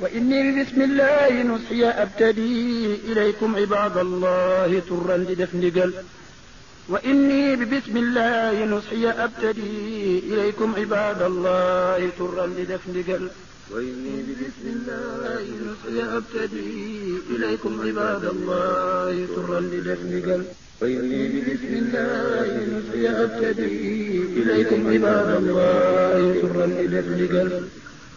وإني ببسم الله نسي أبتدي إليكم عباد الله ترا لدفن قل وإني ببسم الله نسي أبتدي إليكم عباد الله ترا لدفن قل وإني ببسم الله نسي أبتدي إليكم عباد الله ترا لدفن قل وإني ببسم الله نسي أبتدي إليكم عباد الله ترا لدفن قل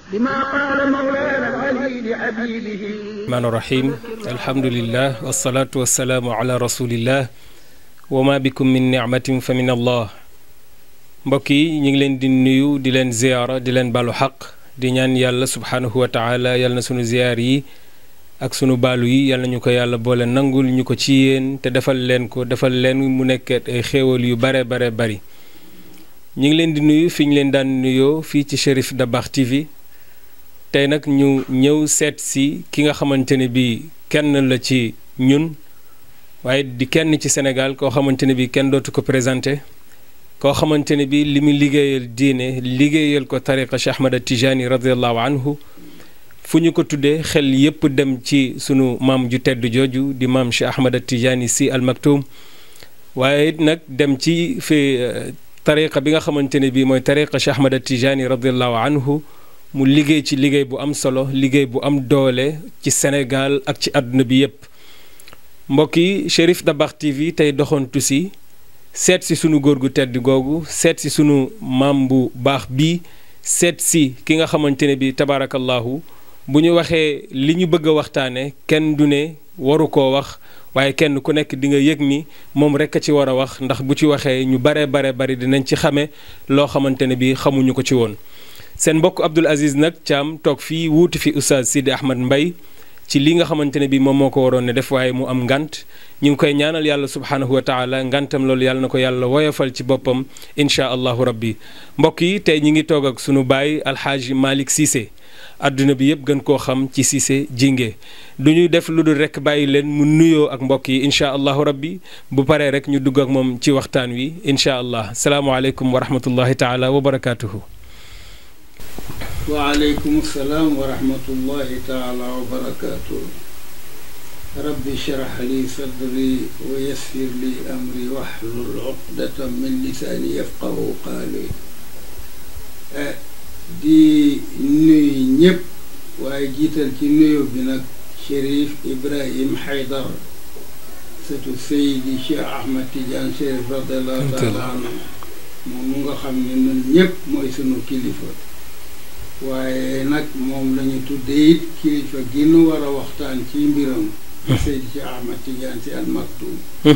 بما قال مولانا العلي لحبيبه الرحمن الرحيم الحمد لله والصلاة والسلام على رسول الله وما بكم من نعمة فمن الله mbokk yi ñu ngi leen di nuyu di leen ziyaara di leen balu xaq di ñaan yàlla subhaanahu wa taala yàlla na sunu ziyaar yi ak sunu baalu yi yàlla ñu ko yàlla boole nangul ñu ko ci yéen te defal leen ko defal leen mu nekk ay xéewal yu bare bare bari ñu ngi leen di nuyu fi ñu leen daan nuyoo fii ci Cherif Dabakh TV tey nag ñu ñëw seet si ki nga xamante ne bii kenn la ci ñun waaye di kenn ci Sénégal koo xamante ne bii kenn dootu ko présenté koo xamante ne bii li mu liggéeyal diine liggéeyal ko tariqa Cheikh Ahmada Tijani radiallahu anhu fu ñu ko tuddee xel yépp dem ci sunu maam ju tedd jooju di maam Cheikh Ahmada Tijani si al maktoum waaye it nag dem ci fi tariqa bi nga xamante ne bii mooy tariqa Cheikh Ahmada Tijani radiallahu anhu mu liggéey ci liggéey bu am solo liggéey bu am doole ci Sénégal ak ci àdduna bi yépp mbokk yi Chérif Dabakh TV tey doxantu si seet si sunu góor gu tedd googu seet si sunu maam bu baax bi seet si ki nga xamante ne bi tabaarakallaahu bu ñu waxee li ñu bëgg a waxtaane kenn du ne waru koo wax waaye kenn ku nekk di nga yëg ni moom rek a ci war a wax ndax bu ci waxee ñu bare bare bari dinañ ci xame loo xamante ne bi xamuñu ko ci woon seen mbokk Abdoul Aziz nag Thiam toog fii wuuti fi oustaz Sidi Ahmed mbay ci li nga xamante ne bii moom moo ko waroon ne def waaye mu am ngant ñu ngi koy ñaanal yàlla subhaanahu wa taala ngantam loolu yàlla na ko yàlla woyofal ci boppam incha allahu rabbi mbokk yi tey ñi ngi toog ak sunu baay alxaaji Malick Cissé adduna bi yëpp gën koo xam ci Cissé jinge du ñu def lu dul rek bàyyi leen mu nuyoo ak mbokk yi incha allahu rabbi bu paree rek ñu dugg ak moom ci waxtaan wi incha allah salaamualeykum wa rahmatullahi taala wa barakaatuhu. waaleykum salaam wa rahmatullahi taala wa barakaatu rabbi ishrah li sadri wa yassir li amri wahlul uqdatan min lisaani yafqahu qaali eh, di nuyu ñépp waaye jiital ci nuyu bi nag Chérif Ibrahim Haydar sëtu Seydi Cheikh Ahmad Tidiane Chérif radiallahu taala anhu moom mu nga xam ne ñun ñépp mooy sunu kilifa waaye nag moom lañu tuddee it kilifa gi nu war a waxtaan ci mbiram. Hmm. Seydi ci Ahmad Tidiane si al Maktoum. Hmm.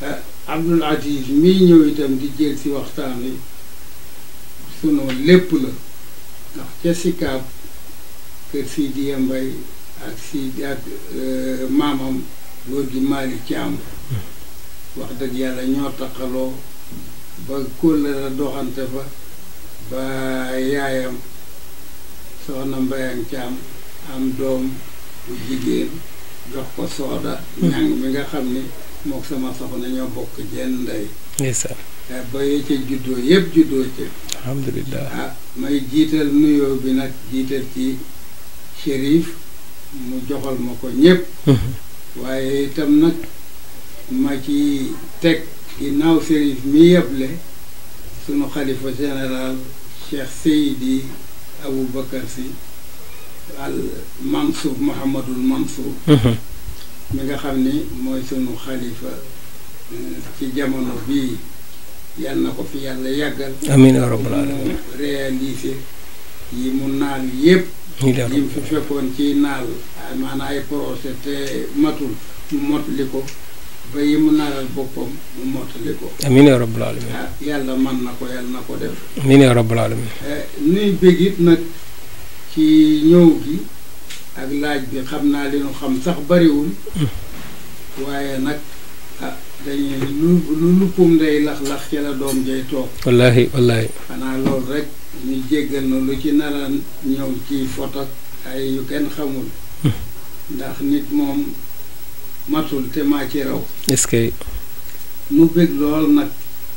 Ah, Abdoul mii ñëw itam di jël si waxtaan wi sunu lépp la ndax ca Sikaab kër Sidi Mbay ak Sidi ak euh, maamam góor gi Malick Thiam. Hmm. wax dëgg yàlla ñoo taqaloo ba kóllëra doxante fa ba yaayam. soxna Mbayang Thiam am doom bu jigéen jox ko sooda ñàng mi nga xam ni mook sama soxna ñoo bokk jenn ndey ndeysaan ba yee juddoo yëpp juddoo ca alhamdulilah ah may jiital nuyoo bi nag jiital ci shérif mu joxal ma ko ñëpp waaye itam nag ma ci teg ginnaaw shérif mi yeble sunu xalifa général Cheikh Seydi Abou Bakar si al Mansour Mouhamadul Mansour mhm. mi nga xam ni mooy sunu xalifa euh, ci jamono bii yal na ko fi yàlla yàggal amiin yaa rabbal alamin réalisé yi mu naal yépp yi mu fi fekkoon ci naal maanaam ay projet te matul mu mot li ko ba yi mu naaral boppam mu mottali ko. amiin yaa rabbal alamin. ah yàlla mën na ko yàlla na ko def. amiin yaa rabbal alamin. Eh, nuy bëgg it nag ci ñëw gi ak laaj bi xam naa li nu xam sax bariwul. Hmm. waaye nag ah, dañuy lu lu luppum ndey lax-lax ci la doom jay toog. wallaahi wallaahi. xanaa loolu rek ñu jéggal na lu ci nara ñëw ci foto ay yu kenn xamul. Hmm. ndax nit moom. matul te maa ci raw. est-ce que. nu bëgg lool nag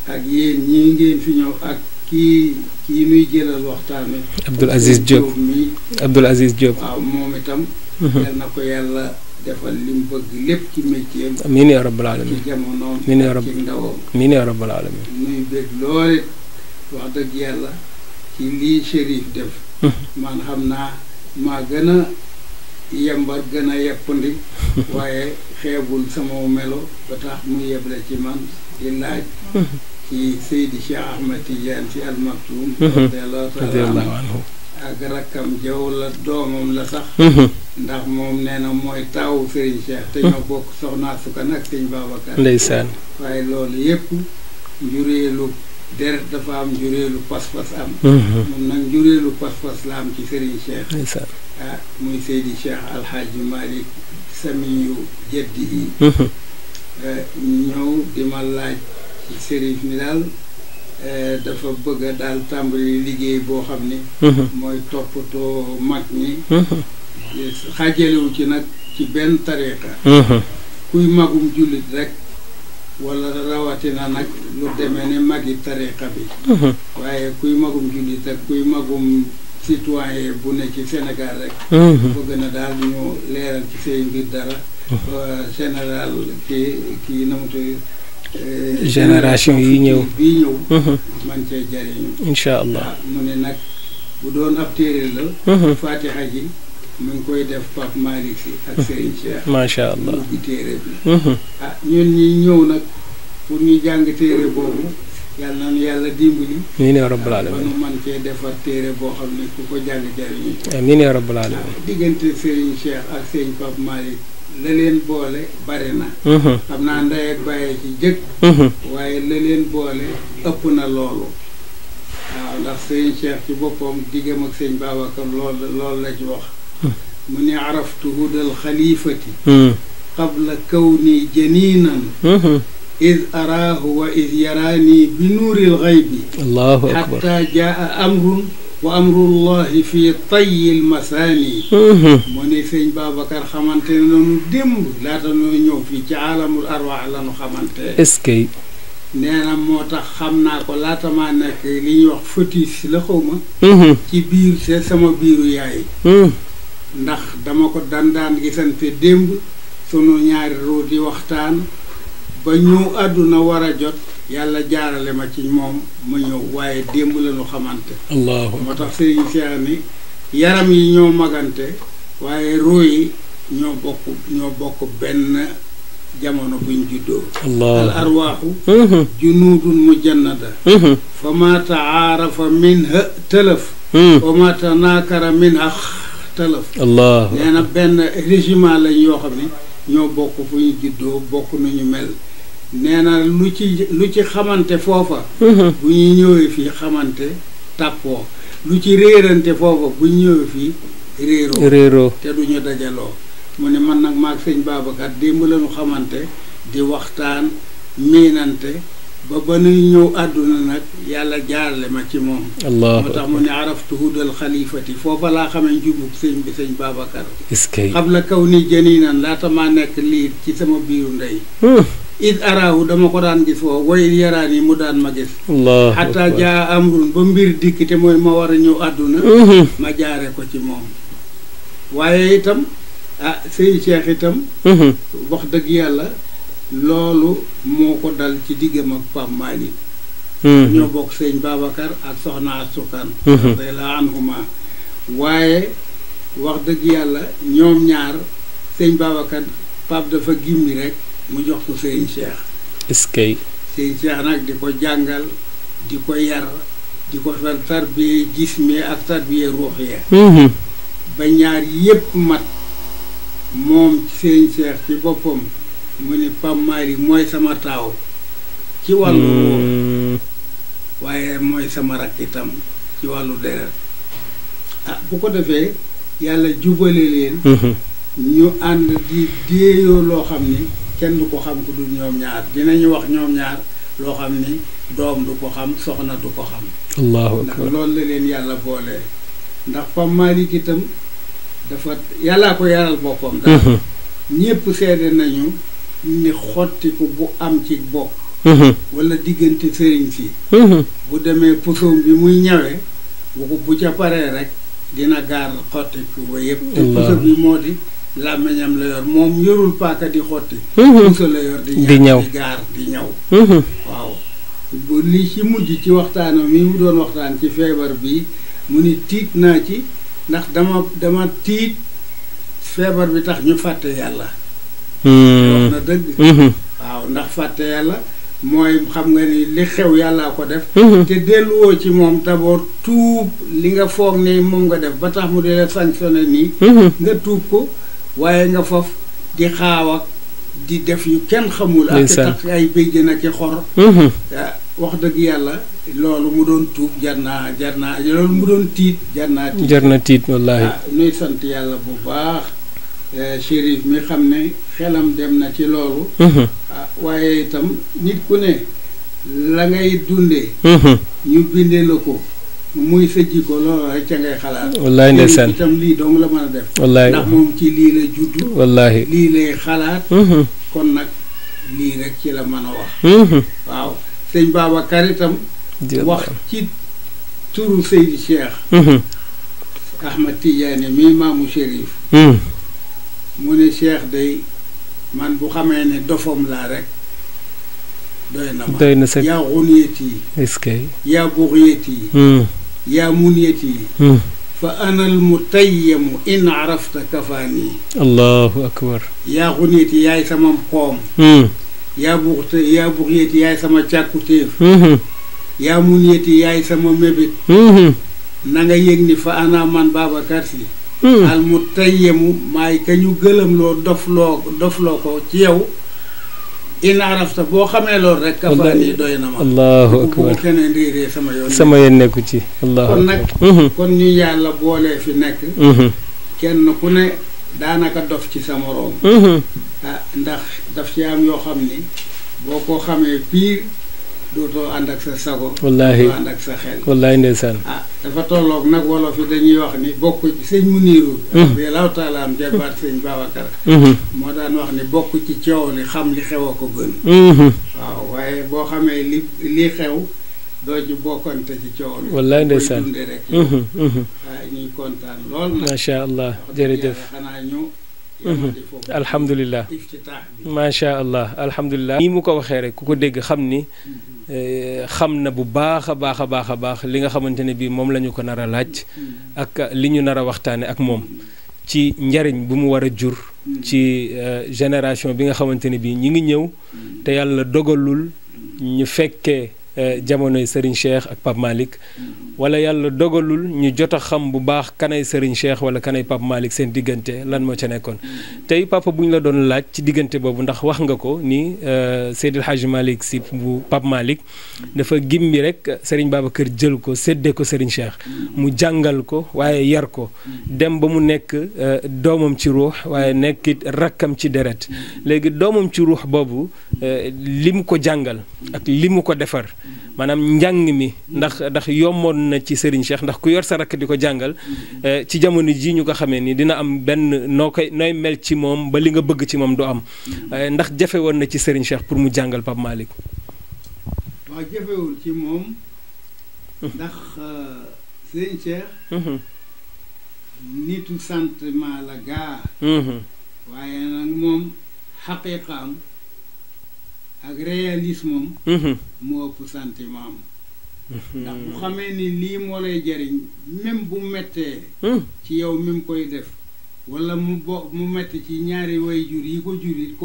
ak yéen ñii ngeen fi ñëw ak kii kii muy jëlal waxtaan wi. Abdoul Aziz Diop mi Abdoul Aziz Diop. waaw moom itam. Mhm. yal na ko yàlla defal li mu bëgg lépp ci métier am. amiin yaa rabbal aalamiin wax dëgg yàlla ci lii Chérif def. Mhm. man xam naa maa gën a. yembar gën a yeppandi waaye xeebul sama melo ba tax mu yeble ci man di laaj ci Seydi Cheikh Ahmed Tidiane si Al ak rakkam jaw la doomam la sax mhm. ndax moom nee na mooy taawu Serigne Cheikh te ñoo mhm. bokk soxnaa sukan ak Serigne Babacar ndeysaan waaye loolu yépp njureelu deret dafa am njureelu pas-pas am mhm. moom nag njureelu pas-pas la am ci Serigne Cheikh ah muy Seydi Cheikh Alhaaji Malick Samiyu jeddi yi mhm. eh, ñëw di ma laaj ci Serigne mi daal eh, dafa bëgg a daal tàmbali liggéey boo xam ni mhm. mooy toppatoo mag ñi xaajalewu ci nag ci benn tariqa kuy magum jullit rek wala rawatina nag lu demee ne yi tariqa bi mhm. waaye kuy magum jullit ak kuy magum citoyen bu ne ci Sénégal rek bëgg mhm. na daal ñu leeral ci seen mbir dara mhm. général kii kii namutu eh, génération yi ñëw bii ñëw man cee jariñu incha allah mu ne nag bu doon ab téere la fatiha ji mu ngi koy def Pape Malick si ak Serigne Cheikh. macha allah mu téere bi. Mhm. Ah, ñun ñi ñëw nag pour ñu jàng téere boobu yàlla nañu yàlla dimbali. ñu ne rabbal ah, alamin ñu mën cee defar téere boo xam ne ku ko jàng jariñu. amiin ne rabbal alamin ah, diggante Serigne Cheikh ak Serigne Pape Malick. la leen boole bari na mhm. xam naa ndey ak bàyyee ci jëkk mhm. waaye la leen boole ëpp na loolu waaw ndax sëñ Cheikh ci boppam diggam ak sëñ Babacar lool la ci wax mu ne araftu hudal xalifati hmm. Hmm. qabla kawni janiinan hmm. id araahu wa id yaraanii bi nuuril xaybi allahu akbar xataa jaa amrun wa amrullahi fi tayil masaani mu ne sëñ Babacar xamante nanu démb laata noo ñëw fii ci alamul arwaax la nu xamante est-ce que nee moo tax xam naa ko laata maa nekk li ñuy wax fœtus la xaw ma ci biir c'est sama biiru yaay ndax dama ko dandaan gisante démb sunu ñaari ruu di waxtaan ba ñu àdduna war a jot yàlla jaarale ma ci moom ma ñëw waaye démb la xamante allah moo tax sëriñ Cheikh yaram yi ñoo magante waaye ruu yi ñoo bokk ñoo bokk benn jamono buñ juddoo al arwaaxu mm-hmm. junuudun mujannada mm-hmm. fa ma taarafa minha tëlëf mm-hmm. wa ma tanaakara minha ixtalaf allah benn régiment lañ yoo bi ñoo bokk fu ñu juddoo bokk nañu mel nee na lu ci lu ci xamante foofa mhm. bu ñu ñëwee fii xamante tàppoo lu ci réerante foofa bu ñu ñëwee fii réeroo réeroo te duñu dajaloo mu ne man nag maag sëñ Babacar démb lañu xamante di waxtaan miinante ba ba nuy ñëw àdduna nag yàlla jaarale ma ci moom allah moo tax mu ne araftu hudal xalifati foofa laa xamee njubug sëñ bi sëñ Babacar xam la kaw ni jëniinan laata maa nekk lii ci sama biiru ndey hmm. id araahu dama ko daan gis foofu way yaraan yi mu daan ma gis xataa jaa amrun ba mbir dikk te mooy ma war a ñëw àdduna hmm. ma jaare ko ci moom waaye itam ah sëñ Cheikh itam hmm. wax dëgg yàlla loolu moo ko dal ci diggam ak Pape Malick hmm. ñoo bokk sëñ Babacar ak soxna Sukan hmm. radiyallahu anhuma waaye wax dëgg yàlla ñoom ñaar sëñ Babacar Pape dafa gimmi rek mu jox ko sëñ Cheikh est-ce que jàngal di ko yar ko fal tarbiye hmm. ba ñaar yépp mat moom sëñ Cheikh ci boppam mu ne Pape Malick mooy sama taaw ci wàllu hmm. woowu waaye mooy sama rakk itam ci wàllu deret ah bu ko defee yàlla jubale leen hmm. ñu ànd di déeyoo loo xam ni kenn du ko xam ku dul ñoom ñaar dinañu wax ñoom ñaar loo xam ni doom du ko xam soxna du ko xam ndax loolu la leen yàlla boole ndax Pape Malick itam dafa yàllaa ko yaral boppam hmm. daal ñépp seede nañu ni xottiku bu am ci bopp mhm. walla diggante sëriñ si mhm. bu demee posoom bi muy ñawee bu ko bu ca paree rek dina gaar xottiku ba yëpp te poso bi moo di làmmiñam la moom yorul paaka di xotti mhm. poso la di ñaw di gaar di ñaw waaw li ci mujj ci waxtaanam mi mu doon waxtaan ci feebar bi mu ni tiit naa ci ndax dama dama tiit feebar bi tax ñu fàtte yàlla Hmm. wax na dëgg hmm. waaw ndax fàtte yàlla mooy xam nga ni li xew yàllaa ko def hmm. te delluwoo ci moom d'abord tuub li nga foog ni moom nga def ba tax mu di la sanctionné nii nga tuub ko waaye nga faf di xaaw ak di def yu kenn xamul ak tax ay béjjën ak i xor wax dëgg yàlla loolu mu doon tuub jar naa jar naa loolu mu doon tiit jar naa tiit jar na tiit wallaahi ah, nuy sant yàlla bu baax shérif euh, mi xam ne xelam dem na ci loolu mhm. ah, waaye itam nit ku ne la ngay dundee mhm. ñu bindee la ko muy sa jikko loolu rek ca ngay xalaat wallaay ndeysaan itam lii dong la mën a def wallaay ndax moom ci lii la juddu wallaay lii lay xalaat mhm. kon nag lii rek ci la mën a wax waaw sëñ Babacar itam wax ci turu Seydi Cheikh Ahmad Tidiane mi maamu shérif mu ne Cheikh day man bu xamee ne dofam laa rek doy na ma doy na sa yaa xuniyet yi est-ce que yi hmm. yaa muniyet yi hmm. fa anal mu tayyamu in arafta kafaani allahu akbar yaa xuniyet yi yaay sama koom hmm. yaa bux yaa buxiyet yi yaay sama càkkutéef yaa muniyet yi yaay sama mébét na yëg ni fa ana man Babacar Si Hmm. al mu tayyamu maay ka ñu gëlëm loo dof loo dof loo ko ci yow in arafta boo xamee lool rek kafaani doy na ma allahu akbar sama yoon sama yoon nekku ci allahu kon nag hmm. kon ñu yàlla boolee fi nekk hmm. kenn ku ne daanaka dof ci sa moroom ah, ndax daf ci am yoo xam ni boo ko xamee piir dootoo ànd ak sa sago wallaahi ànd ak dafa tolloog nag wolof yi dañuy wax ni bokk ci sëñ Muniiru hmm. radiyallaahu taala am jabaat sëñ Babacar hmm. moo daan wax ni bokk ci coow li xam li xew a ko gën hmm. waaw waaye boo xamee li li xew doo ci bokkante ci coow li wallaay ndeysaan dundee rek kontaan lool nag allah jërëjëf xanaa ñu alhamdulilah macha allah alhamdulillah nii mu ko waxee rek ku ko dégg xam ni eh, xam na bu baax a baax a baax a baax li nga xamante ne bii moom la ñu ko nar a laaj ak li ñu nar a waxtaane ak moom ci njariñ bi mu war a jur ci eh, génération bi nga xamante ne bii ñi ngi ñëw te yàlla dogalul ñu fekkee Eh, jamonoy Serigne Cheikh ak Pape Malick wala yàlla dogalul ñu jot xam bu baax kanay Serigne Cheikh wala kanay Pape Malick seen diggante lan moo ca nekkoon. tey papa bu ñu la doon laaj ci diggante boobu ndax wax nga ko ni eh, Seydil Hadji Malick si bu Pape Malick dafa gimbi rek Serigne kër jël ko séddee ko Serigne Cheikh mu jàngal ko waaye yar ko dem ba mu nekk eh, doomam ci ruux waaye nekkit rakkam ci deret léegi doomam ci ruux boobu li mu ko jàngal ak li mu ko defar maanaam njàng mi ndax ndax yomboon na ci Serigne Cheikh ndax ku yor sa rakk di ko jàngal eh, ci jamono ji ñu ko xamee ni dina am benn noo koy nooy mel ci moom ba li nga bëgg ci moom du am eh, ndax jafe woon na ci Serigne Cheikh pour mu jàngal Pape Malick hmm. euh, hmm. la gaa hmm. waaye nag moom xaqiiqaam ak réalisme am. Mhm. ëpp sentiment am. Mhm. ndax bu xamee ni lii moo lay jariñ même bu mettee. Mhm. ci yow mi koy def. walla mu bo mu metti ci ñaari way jur yi ko jur yi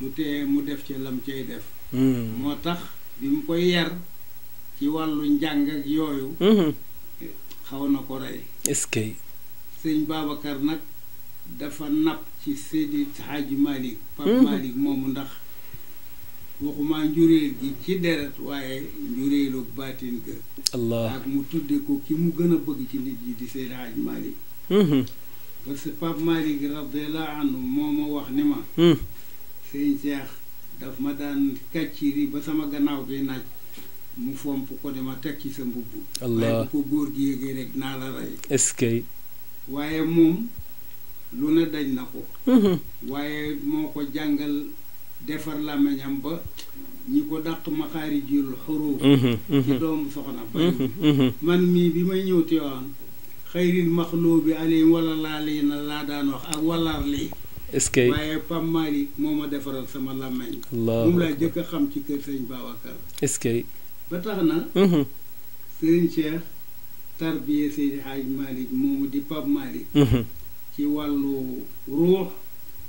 du tee mu def ci lam cay def. moo tax bi mu koy yar ci wàllu njàng ak yooyu. xaw na ko rey. est-ce que. sëñ Babacar nag dafa napp ci Seydi Hadji Malick. Pape Malick moomu ndax. waxuma njuréel gi ci deret waaye njuréelu baatin ga ak mu tudde ko ki mu gën a bëgg ci nit yi di Seydi Hadj Malick mm-hmm. parce que Pape Malick radiallahu anhu moo ma wax ni ma mm. sëñ Cheikh daf ma daan kàcciri ba sama gannaaw bi naaj mu fomp ko ne ma teg ci sa mbubb allah bu ko góor gi yéegee rek naa la rey est waaye moom lu ne dañ na ko mm-hmm. waaye moo ko jàngal defar làmmiñam ba ñi ko dàq maxaari jul xuruuf mhm, mhm. ci doomu soxna bari mhm, man mii bi may ñëw Tiwaawan xayril maxluubi alayhim wala laa lii laa daan wax ak walaar lii est-ce waaye Pam Mari moo ma defaral sama làmmiñ moom laa jëkk a xam ci kër sëñ Babacar est-ce que ba tax na sëriñ Cheikh tarbiye Seydi Haaj Malick moomu di Pam Mari ci wàllu ruux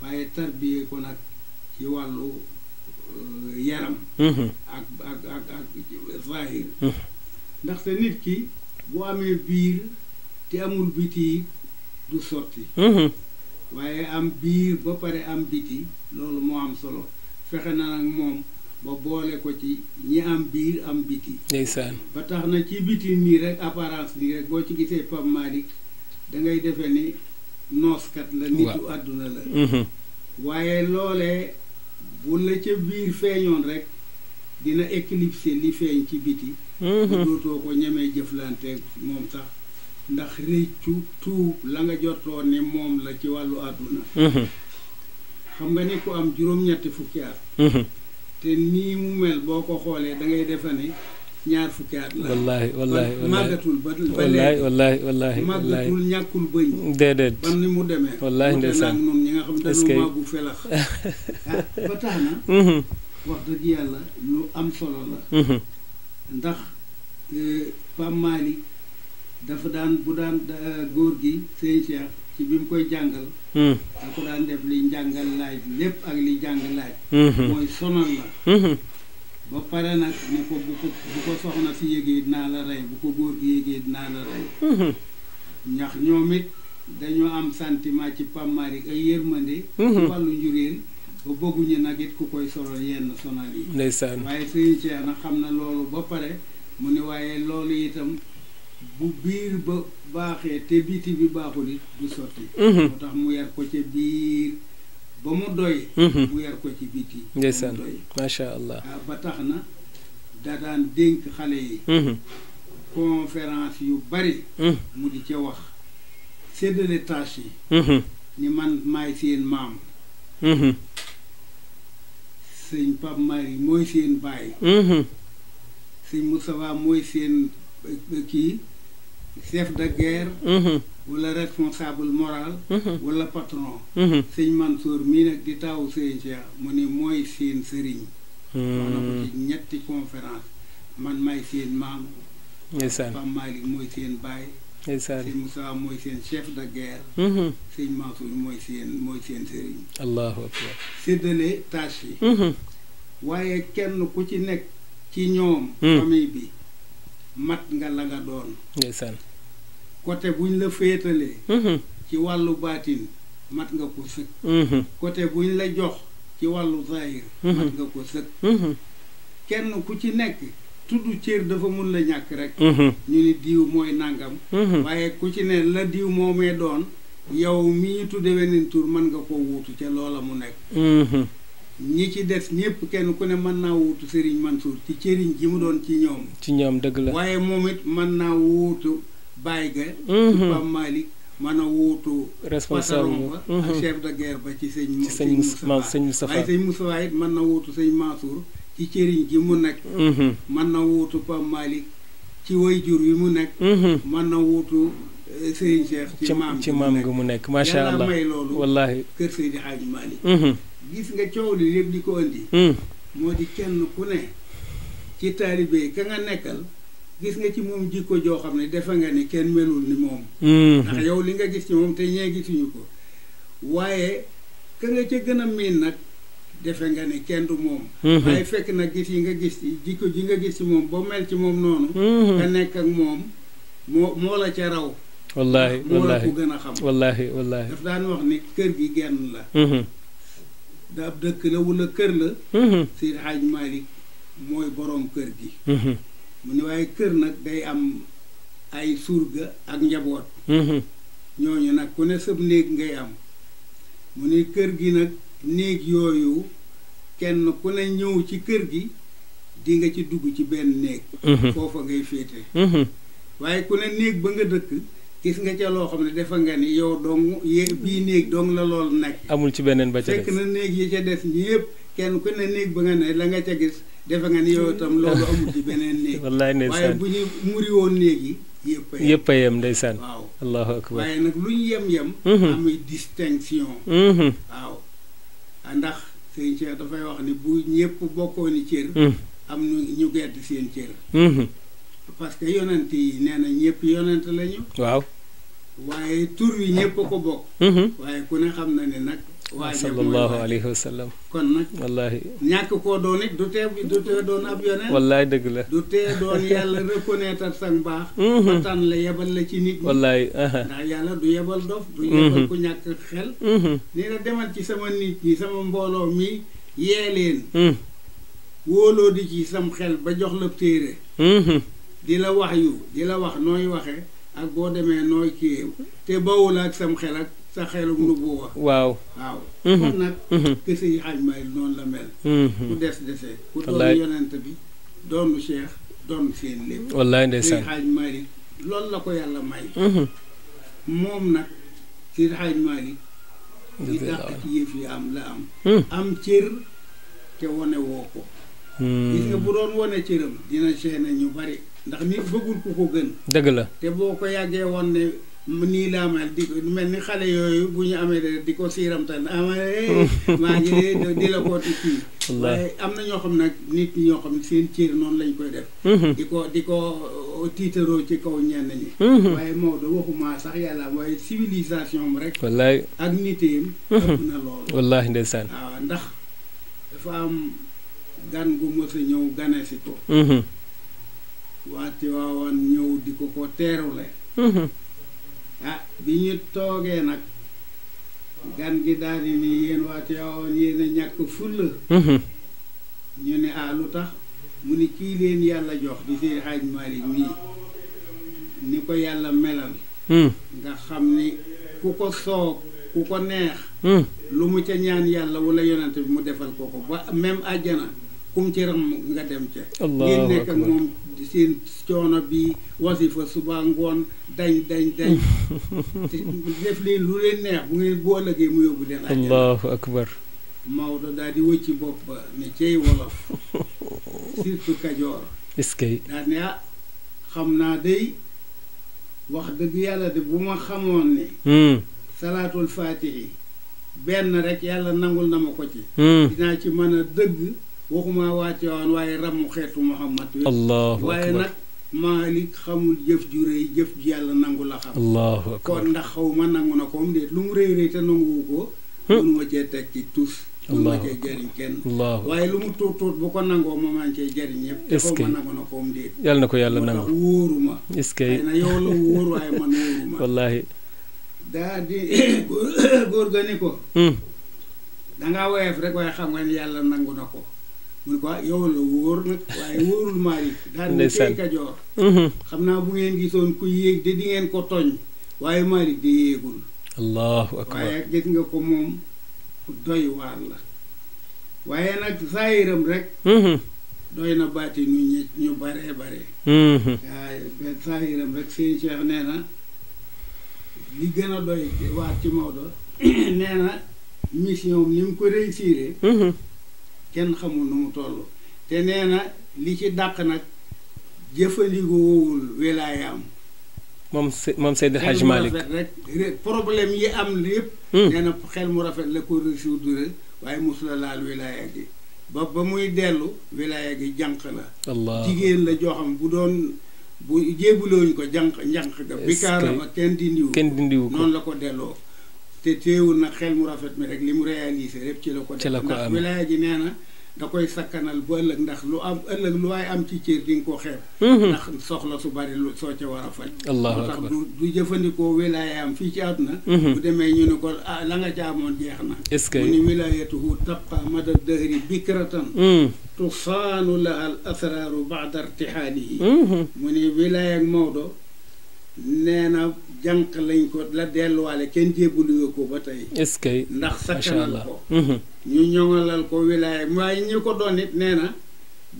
waaye tarbiye ko ci wàllu euh, yaram mm-hmm. ak ak ak ak zahir mm-hmm. ndaxte nit ki boo amee biir ti amul biti du sotti mm-hmm. waaye am biir ba pare am biti loolu moo am solo fexe na nag moom ba boole ko ci ñi am biir am biti ndeysaan ba tax na ci biti nii rek apparence nii rek boo ci gisee Pape Malick da ngay ni nooskat la nitu àdduna la waaye loolee bu la ca biir feeñoon rek dina éclipser li feeñ ci biti bu mhm. dootoo ko ñemee jëflante moom sax ndax réccu tuub la nga jotoo ne moom la ci wàllu àdduna mhm. xam nga ni ku am juróom-ñetti fukki at mhm. te nii mu mel boo ko xoolee dangay ngay defe ne ñaar fukki at la wallaahi wallaahi màggatul ba wallaahi wallaahi wallaahi màggatul ñàkkul bëñ déedéet ni mu demee wallaahi ndeysaan noonu ñi nga xam ne dañoo màggu felax ah, ba tax na mhm. yàlla lu am solo mhm. ndax euh, Pape Malick dafa daan bu daan góor gi sëñ Cheikh ci bi mu koy jàngal mhm. da ko daan def li njàngal laaj lépp ak li jàngal laaj mooy sonal la ba pare nag ne ko bu ko soxna si yégee naa la rey bu ko góor gi yégee naa la rey ñax mhm. ñoom it dañoo am sentiment ci yi ay yërmande mhm. ci wàllu njuréen ba bëgguñu nag it ku koy solal yenn sonal yi ndeysaan waaye sëñ Cheikh nag xam na loolu ba pare mu ne waaye loolu itam bu biir ba baaxee te biti bi baaxul it du sotti mhm. moo tax mu yar ko ca biir ba mu doy. Mhm. mu yar ko ci biti. ndeysaan macha allah ah, ba tax na da daan dénk xale yi. Mhm. conférence yu bari. Mhm. mu di ca wax séddale tâche yi. ni man maay seen maam. sëñ Pape Mari mooy seen baay. sëñ Moustapha mooy seen eh, kii. chef de guerre. Mhm. wala responsable moral. Mhm. wala patron. Mhm. sëñ Mansour mii nag di taawu sëñ Cheikh mu ni mooy seen sëriñ. wax na ko ci ñetti conférence man may seen maam. ndeysaan Pape Malick mooy seen mooy seen chef de guerre. sëñ Mansour mooy seen mooy seen sëriñ. allahu akbar séddale tâche yi. waaye kenn ku ci nekk ci ñoom. famille bi. mat nga la nga doon. ndeysaan. côté buñ la féetalee. Mm-hmm. ci wàllu baatin mat nga ko sëkk. Mm-hmm. côté buñ la jox ci wàllu zahir. Mm-hmm. mat nga ko sëkk. kenn ku ci nekk. tudd cër dafa mun la ñàkk rek. ñu ni diw mooy nangam. waaye ku ci ne la diw moomee doon yow mii tudde weneen tur mën nga ko wuutu ca loola mu nekk. ñi ci des ñëpp kenn ku ne mën naa wuutu Serigne Mansour ci cëriñ ji mu doon ci ñoom. ci ñoom dëgg la waaye moom it mën naa wuutu Baye ga. Mhm. Pape Malick mën a wuutu. Mhm. ba ci sëñ. ci sëñ Moustapha waaye sëñ Moustapha it mën na wuutu sëñ Mansour ci cëriñ ji mu nekk. Mhm. mën na wutu Pape Malick ci jur yi mu nekk. mën na wuutu. Euh, Serigne Cheikh ci maam ci maam nga mu nekk macha allah yàlla kër Seydi Hadji gis nga coow li lépp li ko indi hmm. moo di kenn ku ne ci taalibe ka nga nekkal gis nga ci moom jikko joo xam ne defe nga ni kenn melul ni moom hmm. ndax yow li nga gis ci moom te ñee gisuñu ko waaye ka nga ca gën a miin nag defe nga ne kenn du moom hmm. fekk nag gis yi nga gis jikko ji nga gis ci moom boo mel ci moom noonu nga moom moo moo la ca raw wallaahi wallaahi gën a xam wallaahi daf daan wax ni kër gi genn la da ab dëkk la wala kër la mhm. Seydi Haaj Malick mooy boroom kër gi mhm. mu ne waaye kër nag day am ay surga ak njaboot mhm. ñooñu nag ku ne sëb néeg ngay am mu ne kër gi nag néeg yooyu kenn ku ne ñëw ci kër gi di nga ci dugg ci benn néeg foofa ngay féete waaye ku ne néeg ba nga dëkk gis nga ca loo xam ne defa nga ni yow dong yéeg bii néeg dong la lool nag amul ci beneen ba ca des fekk na néeg yi ca des yëpp kenn ku néeg ba nga ne la nga ca gis defa nga ni yow itam loolu amul ci beneen néeg. bu ñu woon néeg yi. yëpp a yem yëpp a yem ndeysaan. waaw allahu akbar waaye nag lu ñu yem yem. Mhm. amuy distinction. Mhm. waaw ah, ndax sëñ Cheikh dafay wax ni bu ñëpp bokkoon i cër. Mhm. am ñu gedd seen cër. parce que yonent yi nee na yonent lañu. waaw. waaye tur wi ñëpp ko bokk. Mm-hmm. waaye ku ne xam na ne nag. waaye sallallahu alayhi wa kon nag wallaahi ñàkk koo doon it du tee doon ab yonent wallaahi dëgg la du tee doon yàlla reconnaître sa baax mm-hmm. ba tànn la yebal la ci nit ñi wallaahi uh-huh. ndax yàlla du yebal dof du mm-hmm. yebal ku ñàkk xel ni na demal ci sama nit ñi sama mbooloo mi yee leen mm. wóoloo di ci sam xel ba jox la téere di la wax yu di la wax nooy waxee ak boo demee nooy kii te bawul ak sam xel ak sa xelum nu bu wax waaw waaw mhm. kon nag mhm. kese yi xaaj may noonu la mel mhm. ku des desee ku doon yonent bi doonu cheikh doon seen lépp wallaay ndeysaan xaaj la ko yàlla may moom nag si xaaj may di dàq ci yëf yi am la am am cër te wane woo ko gis nga bu doon wane cëram dina seene ñu bari ndax nit bëggul ku ko gën. dëgg la te boo ko yàggee woon ne nii laa mel di mel ni xale yooyu bu ñu amee di ko siiramtan amee ah, eh, di ko kii. waaye am na ñoo xam nag nit ñoo xam ne seen cër noonu lañ koy def. Mm-hmm. di ko di ko uh, tiitaroo ci kaw ñenn ñi. Mm-hmm. waaye Maodo waxuma sax yàlla waaye civilisation am rek. wallaay ak nitéem. Mm-hmm. ëpp na loolu. wallaahi ndeysaan. waaw ndax dafa am gan gu mos a ñëw ganesi ko. waa Tiwaawan ñëw di ko ko teerule mhm. ah bi ñu toogee nag gan gi daal di ni yéen waa Tiwaawan yéen ñàkk fulla mhm. ñu ne ah lu tax mu ni kii leen yàlla jox di seen xaaj Maalik mii ni ko yàlla melal mhm. nga xam ni ku ko soog ku ko neex lu mu ca ñaan yàlla wala yonante bi mu defal ko ba même àjjana kum ci ram nga dem ca ngeen nekk ak moom seen coono bi wasifa suba ngoon dañ dañ dañ def leen lu leen neex bu ngeen boo ëllëgee mu yóbbu leen allahu akbar Maodo daal di wëcci bopp ba ne cey wolof surtout Kajoor est-ce ne ah xam naa day wax dëgg yàlla de bu ma xamoon ne hmm. salaatul faatihi benn rek yàlla nangul na ma ko ci hmm. dinaa ci mën a dëgg waxuma waa Tiwaawan waaye ramu xeetu Muhammad wi waaye nag Maalik xamul jëf ju rëy jëf ju yàlla nangu la xam ndax xaw ma nangu na koom déet lu mu rëy rëy te nanguwu ko mënuma cee teg ci tus mënuma cee jëriñ kenn waaye lu mu tuut tuut bu ko nangoo ma maa ngi cee jëriñ yëpp te xaw na koom yàlla na ko yàlla nangu na yow la wóor waaye man wóoru wallaahi daa di góor ga ni ko dangaa woyof rek waaye xam nga ni yàlla nangu na ko mu ne ko ah, yow la wóor nag waaye wóorul Malick daal di kay Kajoor mhm. xam naa bu ngeen gisoon ku yéeg di ngeen ko toñ waaye Malick de yéegul allahu akbar waaye gis nga ko moom ku doy waar la waaye nag saayiram rek mhm. doy na baati ñu ñu baree bare mhm. waaye saayiram rek seen Cheikh nee li gën a doy waar ci Maodo nee na mission ni mu ko réussiré kenn xamul nu mu toll te nee na li ci dàq nag jëfandikoowul wilaayaam moom moom Seydi Hadj Malick rek problème yi am yëpp hmm. nee xel mu rafet la ko résoudre waaye mosula laal wilaaya gi ba ba muy dellu wilaaya gi jànq la Allah jigéen la joo bu doon bu jéebulooñu ko jànq njànq ga bikaara ba kenn dindiwu ko noonu la ko delloo te teewul nag xel mu rafet mi rek li mu réalisé lépp ci la ko def ndax wilaaya ji nee da koy sakkanal bu ëllëg ndax lu am ëllëg lu waaye am ci cër di ko xeeb mm-hmm. ndax soxla su bari lu soo ca war a faj moo tax du du jëfandikoo wilaayaam fii ci àdduna mm-hmm. bu demee ñu ne ko ah, la nga jaamoon jeex na mu ni wilaayatuhu tabqa mada dëhri bikratan mm-hmm. tusaanu laha al asraaru baada mu ni wilaayak Maodo nee jànq lañ ko la delluwaale kenn jébbalu ko ba tey. est-ce que ndax sakkanal ko. Mhm. ñu ñoŋalal ko wilaaya waaye ñi ko doon it nee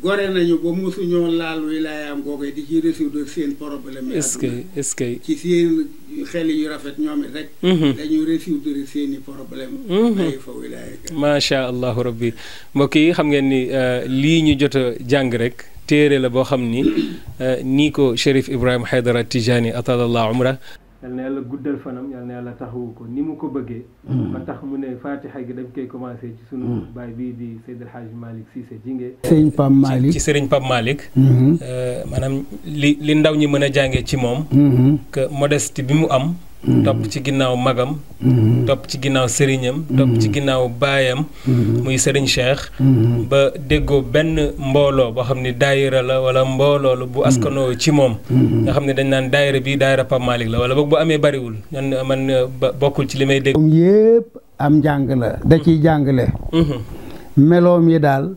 gore nañu ba mosuñoo laal wilaayaam googu di ci résoudre seen problème. est-ce que est-ce que ci seen xel yu rafet ñoom it mhm. mhm. fa wilaaya ga. macha allah rabbi mbokk yi xam ngeen ni euh, lii ñu jot jàng rek. téere la boo xam ni euh, nii ko Chérif Ibrahima Haydara Tijani atalallah umra yal na yàlla guddal fanam yal na yàlla taxawu ko ni mu ko bëggee mm. ba tax mu ne fatiha gi dañ koy commencé ci sunu mm. baay bii di Seydil Hadji Malick Cissé Jingué Sëriñ Pape Malick ci Sëriñ Pape Malick mm-hmm. euh, maanaam li li ndaw ñi mën a jàngee ci moom mm-hmm. que modestie bi mu am topp ci ginnaaw magam topp ci ginnaaw sëriñam topp ci ginnaaw baayam muy sëriñ Cheikh ba déggoo benn mbooloo boo xam ne daayira la wala mbooloo la bu askanoo ci moom nga xam ne dañ naan daayira bi daayira Pape Malick la wala boog bu amee bariwul man man bokkul ci li may dégg yëpp am jàng la da ciy jàngale mm-hmm. meloom yi daal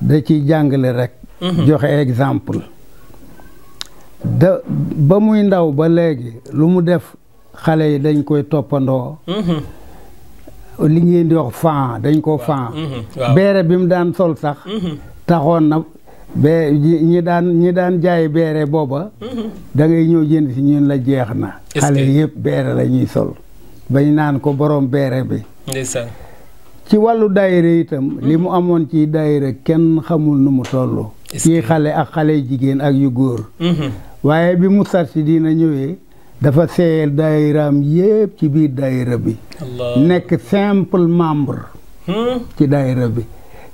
da ciy jàngale rek mm-hmm. joxe exemple da ba muy ndaw ba léegi lu mu def xale yi dañ koy toppandoo mm-hmm. li ngeen di wax dañ koo fan mm-hmm. beere bi mu daan sol sax mm-hmm. taxoon na be ñi daan ñi daan jaay beere booba da ngay ñëw jënd si ñun la jeex na xale yëpp beere lañuy ñuy sol bañ naan ko boroom beere bi ndeysaan ci wàllu daayira itam li mu amoon ci daayira kenn xamul nu mu toll ci xale ak xale jigéen ak yu góor waaye bi mu sarsi dina ñëwee dafa seeyal daayiraam yépp ci biir daayira bi nekk simple membre hmm? ci daayira bi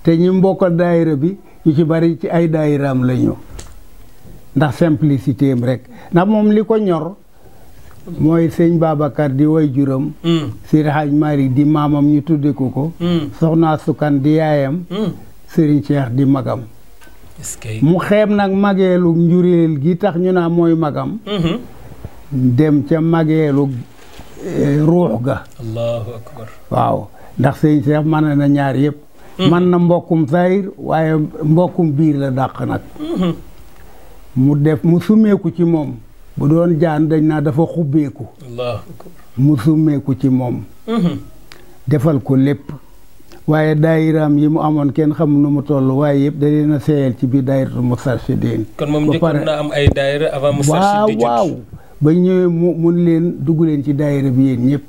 te ñu mbokkal daayira bi ñu ci bari ci ay daayiraam la ndax simplicité am rek ndax moom li ko ñor mooy sëñ Babacar di way juram hmm. Seydi Hadj Mari di maamam ñu tudde ko ko hmm. soxna Sukan di yaayam Serigne Cheikh di magam mu xeeb nag mageelu njureel gi tax ñu naa mooy magam dem ca mageelu eh, ruux ga waaw ndax sëñ Cheikh mën na ñaar yëpp man hmm. na mbokkum sayir waaye mbokkum biir la dàq nag hmm. mu def mu summeeku ci moom bu doon jaan dañ naa dafa xubbeeku mu summeeku ci moom hmm. defal ko lépp waaye daayiraam yi mu amoon kenn xam nu mu toll waaye yëpp da leen a seeyal ci biir daayiratu Moustarchidine kon moom njëkkoon ay daayira avant waaw ba ñëwee mu mun leen dugg leen ci daayira bi yéen ñëpp.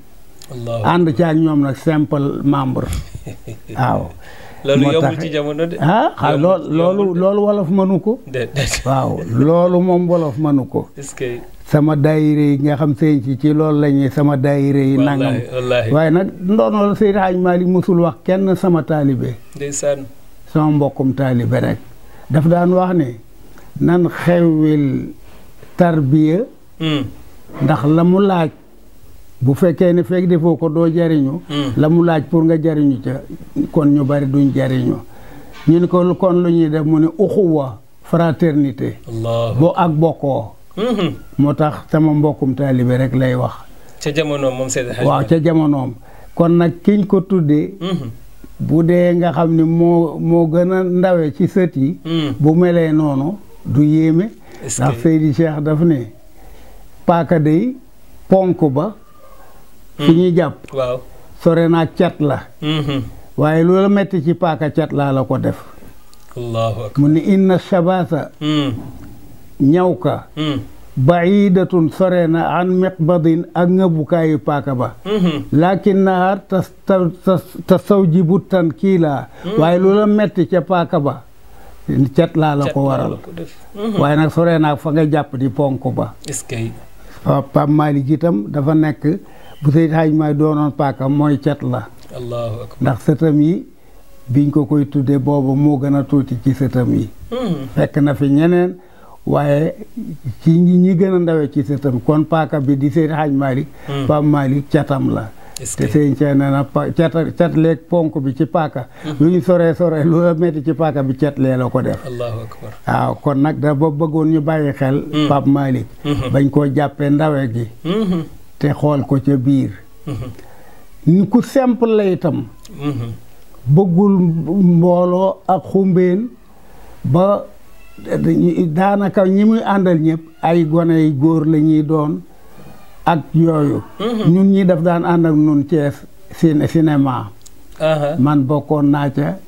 ànd ci ñoom nag simple membre waaw. moo tax ci jamono de ah loolu loolu wolof mënu ko. waaw loolu moom wolof mënu ko. est-ce que sama daayira yi nga xam seen ci ci lool la sama daayira yi. nangam waaye nag ndoonool Seydi Hadj Malick mosul wax kenn sama taalibe. ndeysaan sama mbokkum taalibe rek. daf daan wax ne nan xewil tarbiya. Hmm. ndax la mu laaj bu fekkee ne fekk defoo ko doo jariñu hmm. la mu laaj pour nga jariñu ca kon ñu bari duñ jariñu ñu ni ko kon lu ñuy def mu ne uxuwa fraternité boo ak bokkoo hmm. moo tax sama mbokkum taalibe rek lay wax ca jamonoom moom waaw ca jamonoom kon nag kiñ ko tuddee bu dee nga xam ni moo moo gën a ndawe ci sët yi bu melee noonu du yéeme ndax Seydi Cheikh daf ne paaka day ponk ba fi hmm. ñuy jàpp sore naa cat la hmm. waaye loola metti ci paaka cat laa la ko def mu ni inna shabasa hmm. ñaw ka baidatun sore na an miqbadin ak ngëbukaayu paaka ba lakin nahar tastawjibu tankiila waaye metti ca paaka ba cat laa la ko waral waaye nag sore naa fa nga jàpp di ponk ba Euh, Pape Malick itam dafa nekk bu Seydi Hadj Maalik doonoon paaka mooy cet la ndax sëtam yi biñ ko koy tuddee booba moo gën a tuuti ci sëtam yi hmm. fekk na fi ñeneen waaye ci ñi gën a ndawe ci sëtam kon paaka bi di Seydi Hadj Malick hmm. Pape Malick cetam la te sëñ Cheikh nee na cet cetleeg ponk bi ci paaka mhm. lu ñu soree soree lu la metti ci paaka bi cet lee la ko def waaw kon nag da bëggoon ñu bàyyi xel mhm. Pape Malick mhm. bañ koo jàppee ndawe gi te xool ko ca biir ku simple la itam bëggul mbooloo ak xumbeen ba daanaka ñi muy àndal ñëpp ay gone yi góor lañuy doon ak yooyu. Mm-hmm. ñun ñi daf daan ànd ak ñun ceef cin cinéma. Uh-huh. man bokkoon naa ca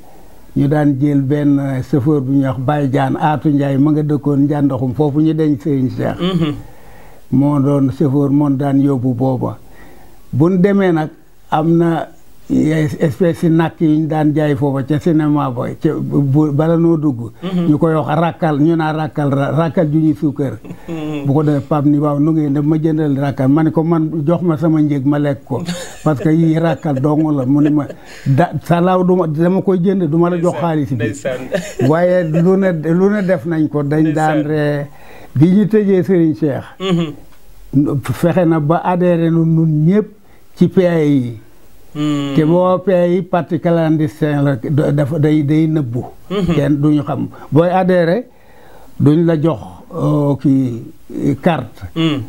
ñu daan jël benn chauffeur bu ñuy wax Baye Jaan Aatu Njaay ma nga dëkkoon njàndoxum foofu ñu denc Serigne Cheikh. Mm-hmm. moo doon chauffeur moom daan yóbbu booba. buñ demee nag am na espèce si nakk yi ñu daan jaay foofa ca cinéma boy ca bala noo dugg mhm. ñu koy wax rakkal ñu naa rakkal rakkal ju ñu suukar mhm. bu ko def pap ni waaw nu ngeen def ma jëndal rakkal ma ne ko man jox ma sama njëg ma lekk ko parce que yii rakkal dong la mu ne ma da salaaw duma dama koy jënd du la jox xaalis bi waaye lu ne lu ne def nañ ko dañ daan ree bi ñu tëjee Serigne Cheikh mhm. fexe na ba adhéré nu nun ñëpp ci PAI yi Hmm. te boo pay parti clandestin la dafa day day nëbbu. Hmm. kenn du ñu xam booy adhéré duñu la jox euh, kii carte. Hmm.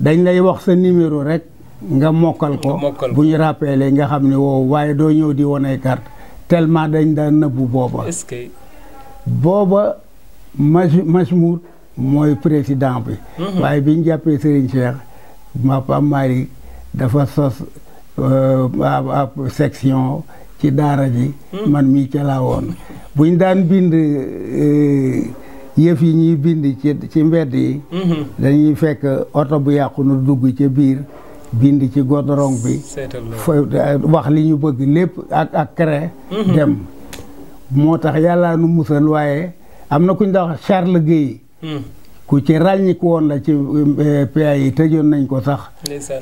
dañ lay wax sa numéro rek nga mokkal ko. bu ñu rappelé nga xam ne woo waaye doo ñëw di wane carte tellement dañ daan nëbbu booba. est-ce que booba Majmour mooy président bi. waaye biñ jàppee Serigne Cheikh ma Pape dafa sos. Euh, ab section ci daara ji hmm. man mii ca laa woon buñ daan bind euh, yëf yi ñuy bind ci ci mbedd yi hmm. dañuy fekk oto bu yàqu nu dugg ci biir bind ci godorong bi fa euh, wax li ñu bëgg lépp ak ak craie hmm. dem moo tax yàlla nu musal waaye am na kuñ da Charles Guèye ku ci ràññiku woon la ci eh, PA yi tëjoon nañ ko sax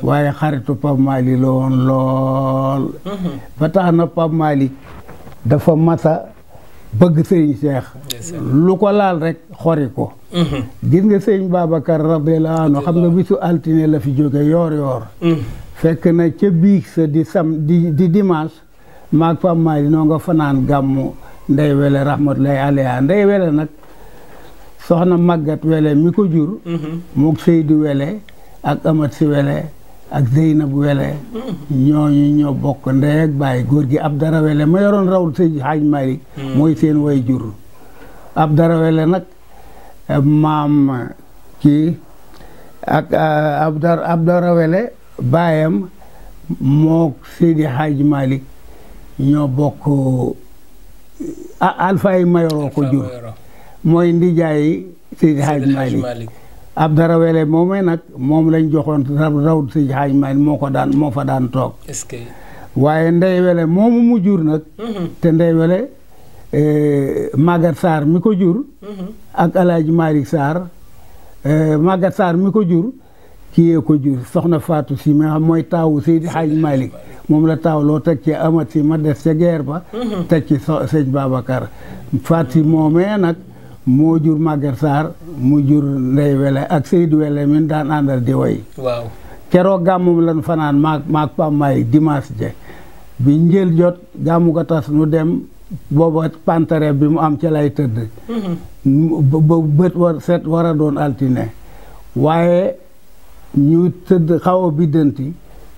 waaye xaritu Pape Malick la woon lool mhm. ba tax na Pape Malick dafa masa bëgg sëñ Cheikh lu ko laal rek xori ko mhm. gis nga sëñ Babacar radiyallahu anhu xam nga bisu altine la fi jóge yoor yoor mhm. fekk na ca biig sa di sam di di dimanche maag Pape noo nga fanaan gàmmu ndey wele rahmatullahi alayha ndey wele nag soxna Maguette Wele mi ko jur. Mhm. moog Seydou Wele ak Amath si Wele ak Zeynab Wele. Mhm. ñooñu ñoo bokk ndey ak bàyyi góor gi Abdara Wele ma yoroon rawul Seydi Hadj Malick. Mhm. mooy seen way jur. Abdara Wele nag eh, maam kii ak eh, Abdara Abdara Wele baayam moog Seydi Hadj Malick ñoo bokk eh, Alpha yi Mayoro ko jur. mooy ndijaay Seydi Hadj Malick Abdara Wele moomee nag moom lañ joxoon raw Seydi Hadj Malick moo ko daan moo fa daan toog waaye ndey wele moomu mu jur nag mhm. te ndey wele eh, Magat Sarr mi ko jur mhm. ak Alaaji Malick Sarr eh, Magat Sarr mi ko jur kiyee ko jur soxna faatu si mooy taawu Seydi Hadj Malick moom la taaw loo teg ci amat si ma des ca guerre ba mhm. teg ci sëñ Babacar Fatou si moomee nag moo jur Maguette mu jur Ndeye Wele ak Seydou Wele min daan àndal di woy waaw keroog gàmmum lan fanaan maak maak Pam May je bi njël jot gàmmu ko tas nu dem booba pantare bi mu am ca lay tëdd mhm. ba bët war set war a doon altine waaye ñu tëdd xaw a biddanti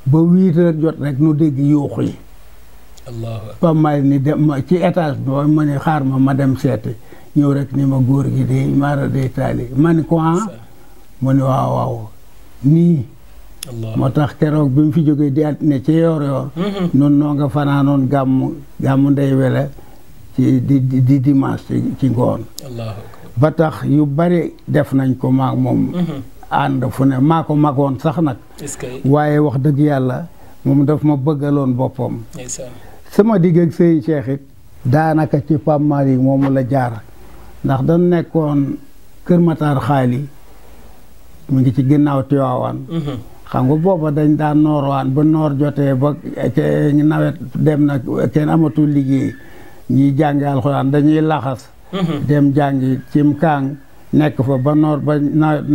ba huit jot rek nu dégg yuux yi Pam ni dem ci étage bi ma ne xaar ma ma dem seeti ñëw rek ni ma góor gi de maara de taali ma ni ko ah mu ni waaw waaw nii moo tax keroog bi mu fi jógee di at ne ci yoor yoor mm-hmm. noo nga fanaanoon gàmmu gàmmu ndey wele ci di di dimanche ci ngoon ba tax yu bari def nañ ko maak moom mm-hmm. ànd fu ne maa ko magoon sax nag waaye wax dëgg yàlla moom daf ma bëggaloon boppam sama digg ak sëñ Cheikh daanaka ci pammaar yi moomu la jaar ndax da nekkoon Kër Matar xaali mu ngi ci ginnaaw Tiwaawan mhm. xam nga booba dañ daan noorwaan ba noor jotee ba ñu nawet dem na kenn amatul liggéey ñi jàngi alxuraan dañuy laxas mhm. dem jàngi cim kaang nekk fa ba noor ba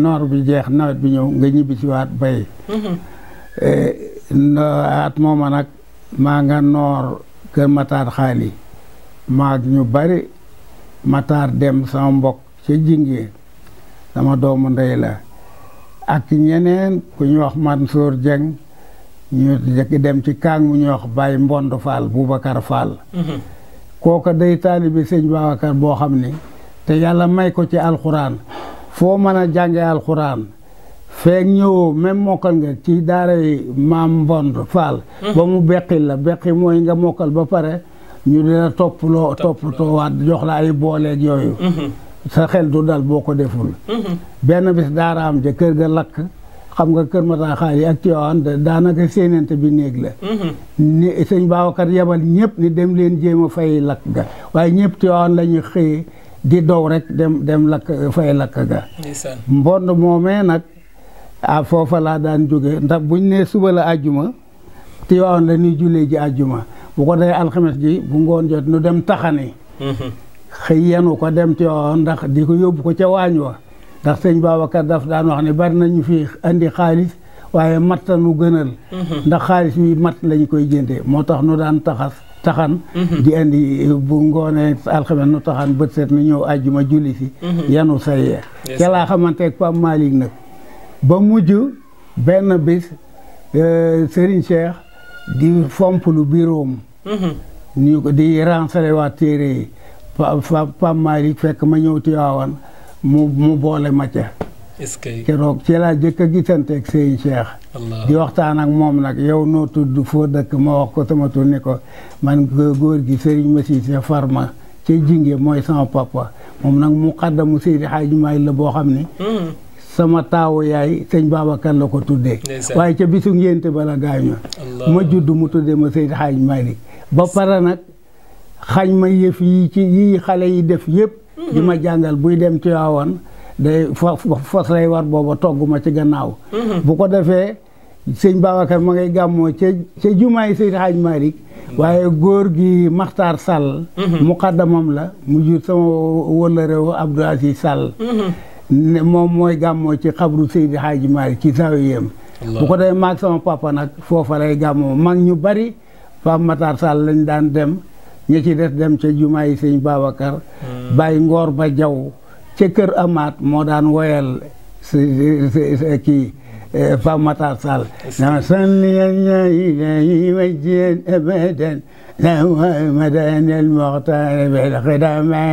noor bi jeex nawet bi ñëw nga ñibbi ci waat bay mhm. e, at mooma nag maa nga noor Kër Matar xaali maag ñu bari Matar Dem sama mbokk ca jingee sama doomu ndey la ak ñeneen ku ñu wax Mansour Dieng ñu dem ci kaang mu ñu wax bàyyi Mbond Fall Boubacar Fall mhm. kooka day taalibi sëñ Babacar boo xam ni te yàlla may ko ci alxuraan foo mën a jànge alxuraan feek ñëwoo même mokkal nga ci daara yi maam Mbond Fall mhm. ba mu beqil la beqi mooy nga mokkal ba pare ñu dina topploo toppatoo waat jox la ay booleeg yooyu mm-hmm. sa xel du dal boo ko deful mm-hmm. benn bis daaraam ja kër ga lakk xam nga kër mataaxaa yi ak Tiwaawan daanaka séenante bi néeg la mm-hmm. ni sëñ Babacar yebal ñëpp ni dem leen jéem a fay lakk ga waaye ñëpp Tiwaawan la ñu xëyee di dow rek dem dem lakk fay lakk ga mbond moomee nag a foofa laa daan jóge ndax buñ ne suba la àjjuma Tiwaawan la ñuy jullee ji àjjuma bu ko dee alxames ji bu ngoon jot nu dem taxani mhm. xëy yenu ko dem Tiwaawan ndax di ko yóbbu ko ca waañ wa ndax sëñ Babacar daf daan wax ne bari nañu fi andi xaalis waaye matt nu gënal mhm. ndax xaalis bi matt lañ koy jëndee moo tax nu daan taxas taxan mhm. di andi eh, bu ngoonee alxames nu taxan bët set nu ñëw àjjuma julli si yenu sayee ca laa xamanteeg Pape Malick nag ba mujj benn bis eh, Serigne Cheikh di fomp lu biroom Mm-hmm. ñu ko di renseigné waa téere yi Pa fekk ma ñëw Tiwaawan mu mu boole ma ca. est-ce que keroog ci laa jëkk a gisante ak Sëñ Cheikh. di waxtaan ak moom nag yow noo tudd foo dëkk ma wax ko sama tur ni ko man góor gi Serigne Massise Farma ca Jinge mooy sama papa moom nag mu xaddamu Seydi Hadji Maay la boo xam ni. Mm-hmm. sama taawu yaay sëñ Babacar la ko tuddee. waaye ca bisu ngénte bala gaañoo. ma judd mu tuddee ma Seydi Hadji Malick ba pare nag xañ ma yëf yi ci yi xale yi def yëpp mm-hmm. di ma jàngal buy dem ci waawoon day fas lay war booba togg ci gannaaw mm-hmm. bu ko defee sëñ Babacar ma ngay gàmmoo ca ca jumaay sëñ Haj Malick waaye góor gi maxtar Sall mm-hmm. muqaddamam la mu jur sama wëla réew Abdou Aziz Sall moom mooy gàmmoo ci xabru Seydi Haj Malick ci zawiyam bu ko defee maag sama papa nag foofa lay gàmmoo mag ñu bari Pape Matar Sall lañ daan dem ñi ci des dem ca jumaa yi sëñ Babacar hmm. bàyyi ngoor ba jaw ca kër amaat moo daan woyal si kii eh, Pape Matar Sall dama sanlia ñayi layi wajjeen abadan eh, lawa madanel moxtar bel xidame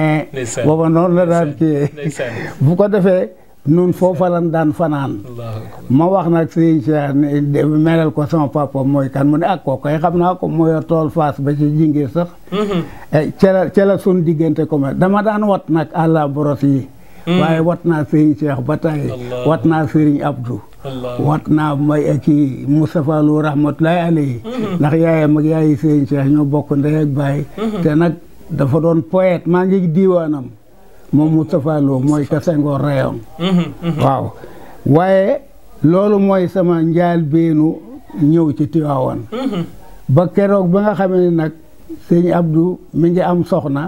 booba noonu la daan kii bu ko defee nun foofa lan daan fanaan ma wax nag sëñ Cheikh melal ko sama papa mooy kan mu ne ak ah, kooku ay xam naa ko mooy tool faas ba ci jingir sax mhm. eh, ca la sun diggante ko dama daan wat nag àlla boros yi mhm. waaye wat naa sëriñ Cheikh ba tey wat naa sëriñ Abdou wat naa may kii Moustapha Lo rahmatullahi alayhi mhm. ndax yaayam ak yaayi sëriñ Cheikh ñoo bokk ndey ak baay te nag dafa doon poète maa ngi diiwaanam moom Moustapha Lo mooy ka Senghor rayoon mhm, mhm. waaw waaye loolu mooy sama njaal beenu ñëw ci Tiwaawan mhm. ba keroog ba nga xamee ne nag sëñ abdu mi ngi am soxna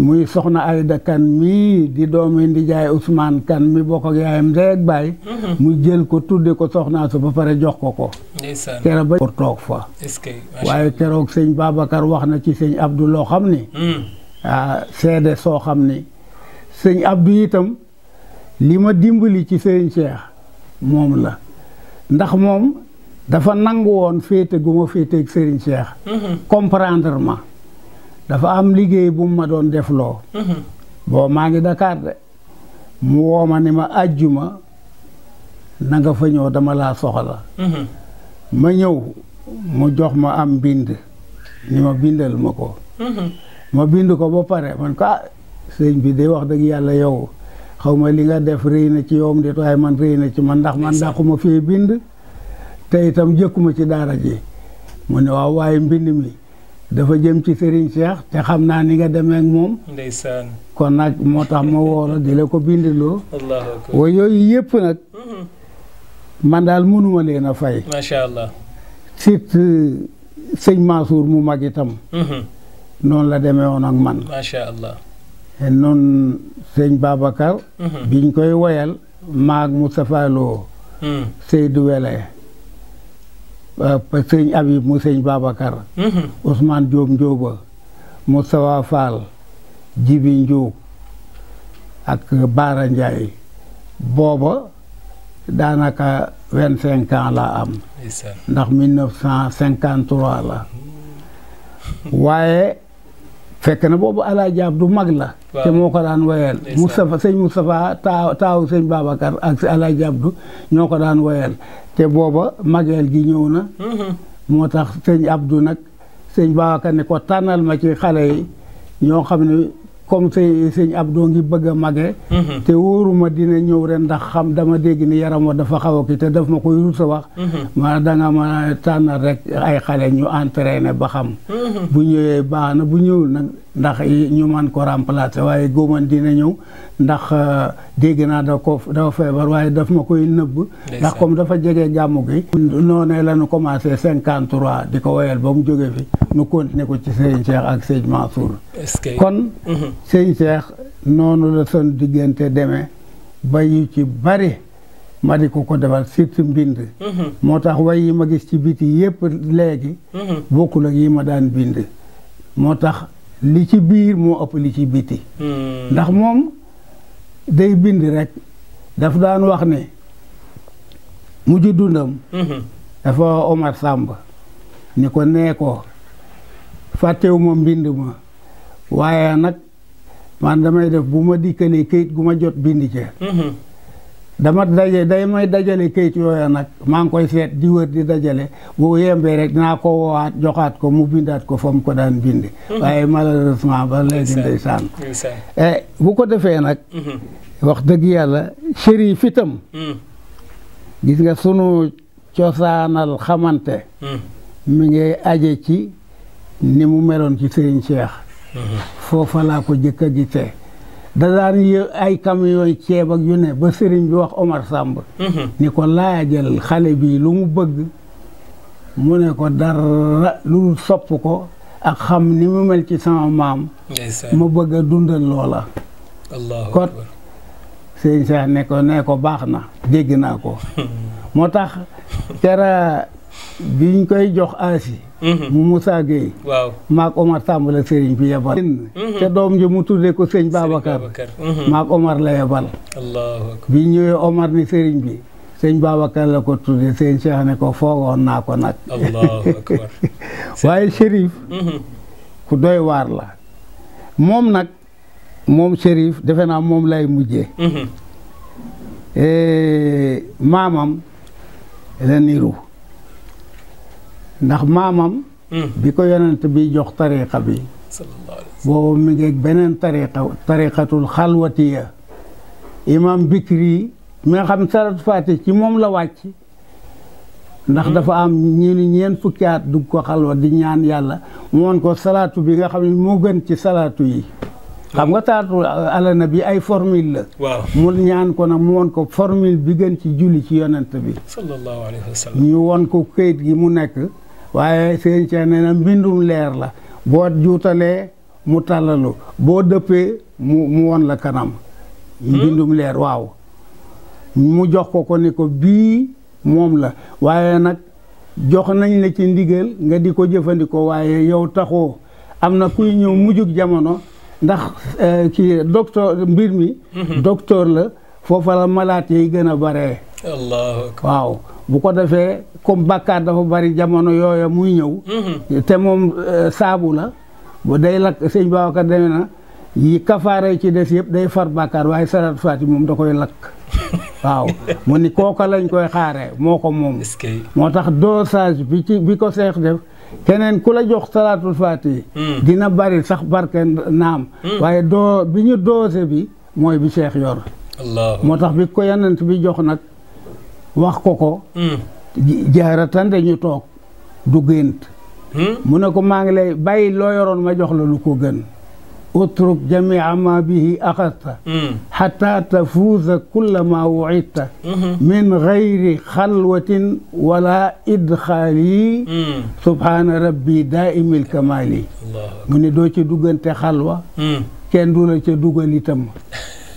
muy soxna Ayda Kan mii di doomi ndijaay usmaan Kan mi bokk ak yaayam ndey ak baay mu jël ko tudde ko soxnaa su ba pare jox ko ko keroog ba pour toog fa waaye keroog sëñ Babacar wax na ci sëñ Abdou loo xam ni ah, seede soo xam ni sëñ Abdou itam li ma dimbali ci sëñ Cheikh moom la ndax moom dafa nangu woon féete gu ma féeteeg sëriñ Cheikh. Mhm. comprendre ma dafa am liggéey bu mu ma doon defloo. Mhm. boo maa ngi Dakar de mu woo ma ni ma àjjuma nanga nga fa ñëw dama laa soxla. Mhm. ma ñëw mu jox ma am bind ni ma bindal ma ko. ma bind ko ba pare man ko ah, sëñ bi de wax dëgg yàlla yow xaw ma li nga def rëy na ci yowam de waaye man rëy na ci man ndax man dàquma fee bind te itam jëkkuma ci daara ji mu ne waaw waaye mbind mi dafa jëm ci Serigne Cheikh te xam naa ni nga deme ak moom kon nag moo tax ma woola di la ko bindiloo wa yooyu yëpp nag mm-hmm. man daal mënuma leen a fay macha allah sit euh, sëñ Mansour mu mag itam mm-hmm. noonu la demee woon ak man noon sëñ Babacar mhm. biñ koy woyal maag Moustapha Lo mhm. Seydou Wele euh, sëñ Habib mu sëñ Babacar mhm. Ousmane Diop Ndioba Moustapha Jibi Ndiouk ak Baara Ndiaye booba daanaka vingt cinq ans am ndax mille neuf cent cinquante trois la waaye fekk na boobu alaaji Abdu mag la. te moo ko daan woyal. Moustapha sëñ Moustapha taaw taaw sëñ Babacar ak si alaaji Abdu ñoo ko daan woyal te booba mageel gi ñëw na. Mm-hmm. moo tax sëñ Abdu nag sëñ Babacar ne ko tànnal ma ci xale yi ñoo xam ne comme sëñ sëñ Abdou ngi bëgg a màggee. Mm-hmm. te wóoruma dina ñëw ren ndax da dama dégg ni yaram wa da xaw a kii te daf ma koy rusa wax. Mm-hmm. ma da nga ma tànnal rek ay xale ñu entraîné ba xam. Mm-hmm. bu ñëwee baax na bu ñëwul nag. ndax ñu man ko remplacer waaye góoman dina ñëw ndax euh, dégg naa da ko dafa feebar waaye daf ma koy nëbb ndax comme dafa jege gàmmu gi noonee la ñu cinquante trois di ko woyal ba mu jóge fi nu continuer ko ci sëñ Cheikh ak sëñ Mansour kon mhm. sëñ Cheikh noonu la seen diggante deme ba yu ci bari ma di ko ko defal surtout mbind mhm. moo tax way yi ma gis ci biti yépp léegi mhm. bokkul ak yi ma daan bind moo tax li ci biir moo ëpp li ci biti hmm. ndax moom day bind rek daf daan wax ne mujj dundam hmm. dafa Omar Samba ni ko nee ko fàttewuma mbind ma waaye nag man damay def bu ma dikkalee këyit gu ma jot bind ca hmm. dama daje day may dajale kayit yooya nag maa ngi koy seet di wër di dajale bu yembee rek naa ko woowaat joxaat ko mu bindaat ko fa ko daan bind mhm. waaye malheureusement ba léegi ndeysaan eh, bu ko defee nag mhm. wax dëgg yàlla shérif itam mhm. gis nga sunu cosaanal xamante mu ngi aje ci ni mu meloon ci Serigne Cheikh foofa laa ko jëkk a gisee da daan yë ay camion ceeb ak yu ne ba sëriñ bi wax Omar Samb mhm. ni ko laajal xale bii lu mu bëgg mu ne ko dara lu sopp ko ak xam ni mu mel ci sama maam ma bëgg a dundal loola kon sëriñ Cheikh ne ko ne ko baax na dégg naa ko moo tax tera biñ koy jox aasi mhm. mu Moussa Gueye maak Omar Samb la sëriñ bi yebal mhm. te doom ji mu tuddee ko sëñ Babacar mhm. maak Omar la yebal biñ ñëwee Omar ni sëriñ bi sëñ Babacar la ko tuddee sëñ Cheikh ne ko foogoon naa ko nag waaye Chérif ku doy waar la moom nag moom Chérif defe naa moom lay mujjee eh, maamam la niru ndax maamam hmm. bi ko yonent bi jox tariqa bi boobu mi ngi beneen tariqa tariqatul xalwatiya imam bikri mi nga xam sarat fati ci moom la wàcc ndax hmm. dafa am ñu ni ñeen fukki at dugg ko xalwa di ñaan yàlla moon ko salaatu bi nga xam ne moo gën ci salaatu yi xam nga taatu ala nabi ay formule la mu ñaan ko nag mu woon ko formule bi gën ci julli ci yonent bi sallallahu alayhi ñu woon ko këyit gi mu nekk waaye sëriñ Cheikh nee na mbindum leer la boo juutalee mu tàllalu boo dëppee mu won la kanam hmm? mbindum leer waaw mu jox ko ko ni ko bii moom la waaye nag jox nañ la ci ndigal nga di ko jëfandikoo waaye yow taxoo am na kuy ñëw mujjug jamono ndax eh, kii docteur mbir mi hmm. docteur la foofa la malaat yi gën a bare waaw bu ko defee comme bàkkaar dafa bari jamono yooyu muy ñëw. Mhm. te moom euh, saabu la bu day lakk sëñ Babacar deme na yi kafaare ci des yëpp day far bàkkaar waaye salaatu faati moom da koy lakk. waaw mu ni kooka lañ koy xaaree moo ko moom. moo tax dosage bi ci bi ko seex def. keneen ku la jox salaatul yi hmm. dina bari sax barke naam. Hmm. waaye doo bi ñu doose bi mooy bi seex yor. moo tax bi ko yonent bi jox nag. wax ko ko. Hmm. jaaratan dañu toog du gént. Hmm? mu ne ko maa ngi lay bàyyi loo yoroon ma jox la lu ko gën. utruk jamia ma bihi axasta xata hmm. tafuuza kulla ma wucidta min gayri xalwatin wala idxaali subhaana rabbi daaimil kamaali mu ne doo ca duggante xalwa kenn du la ca dugal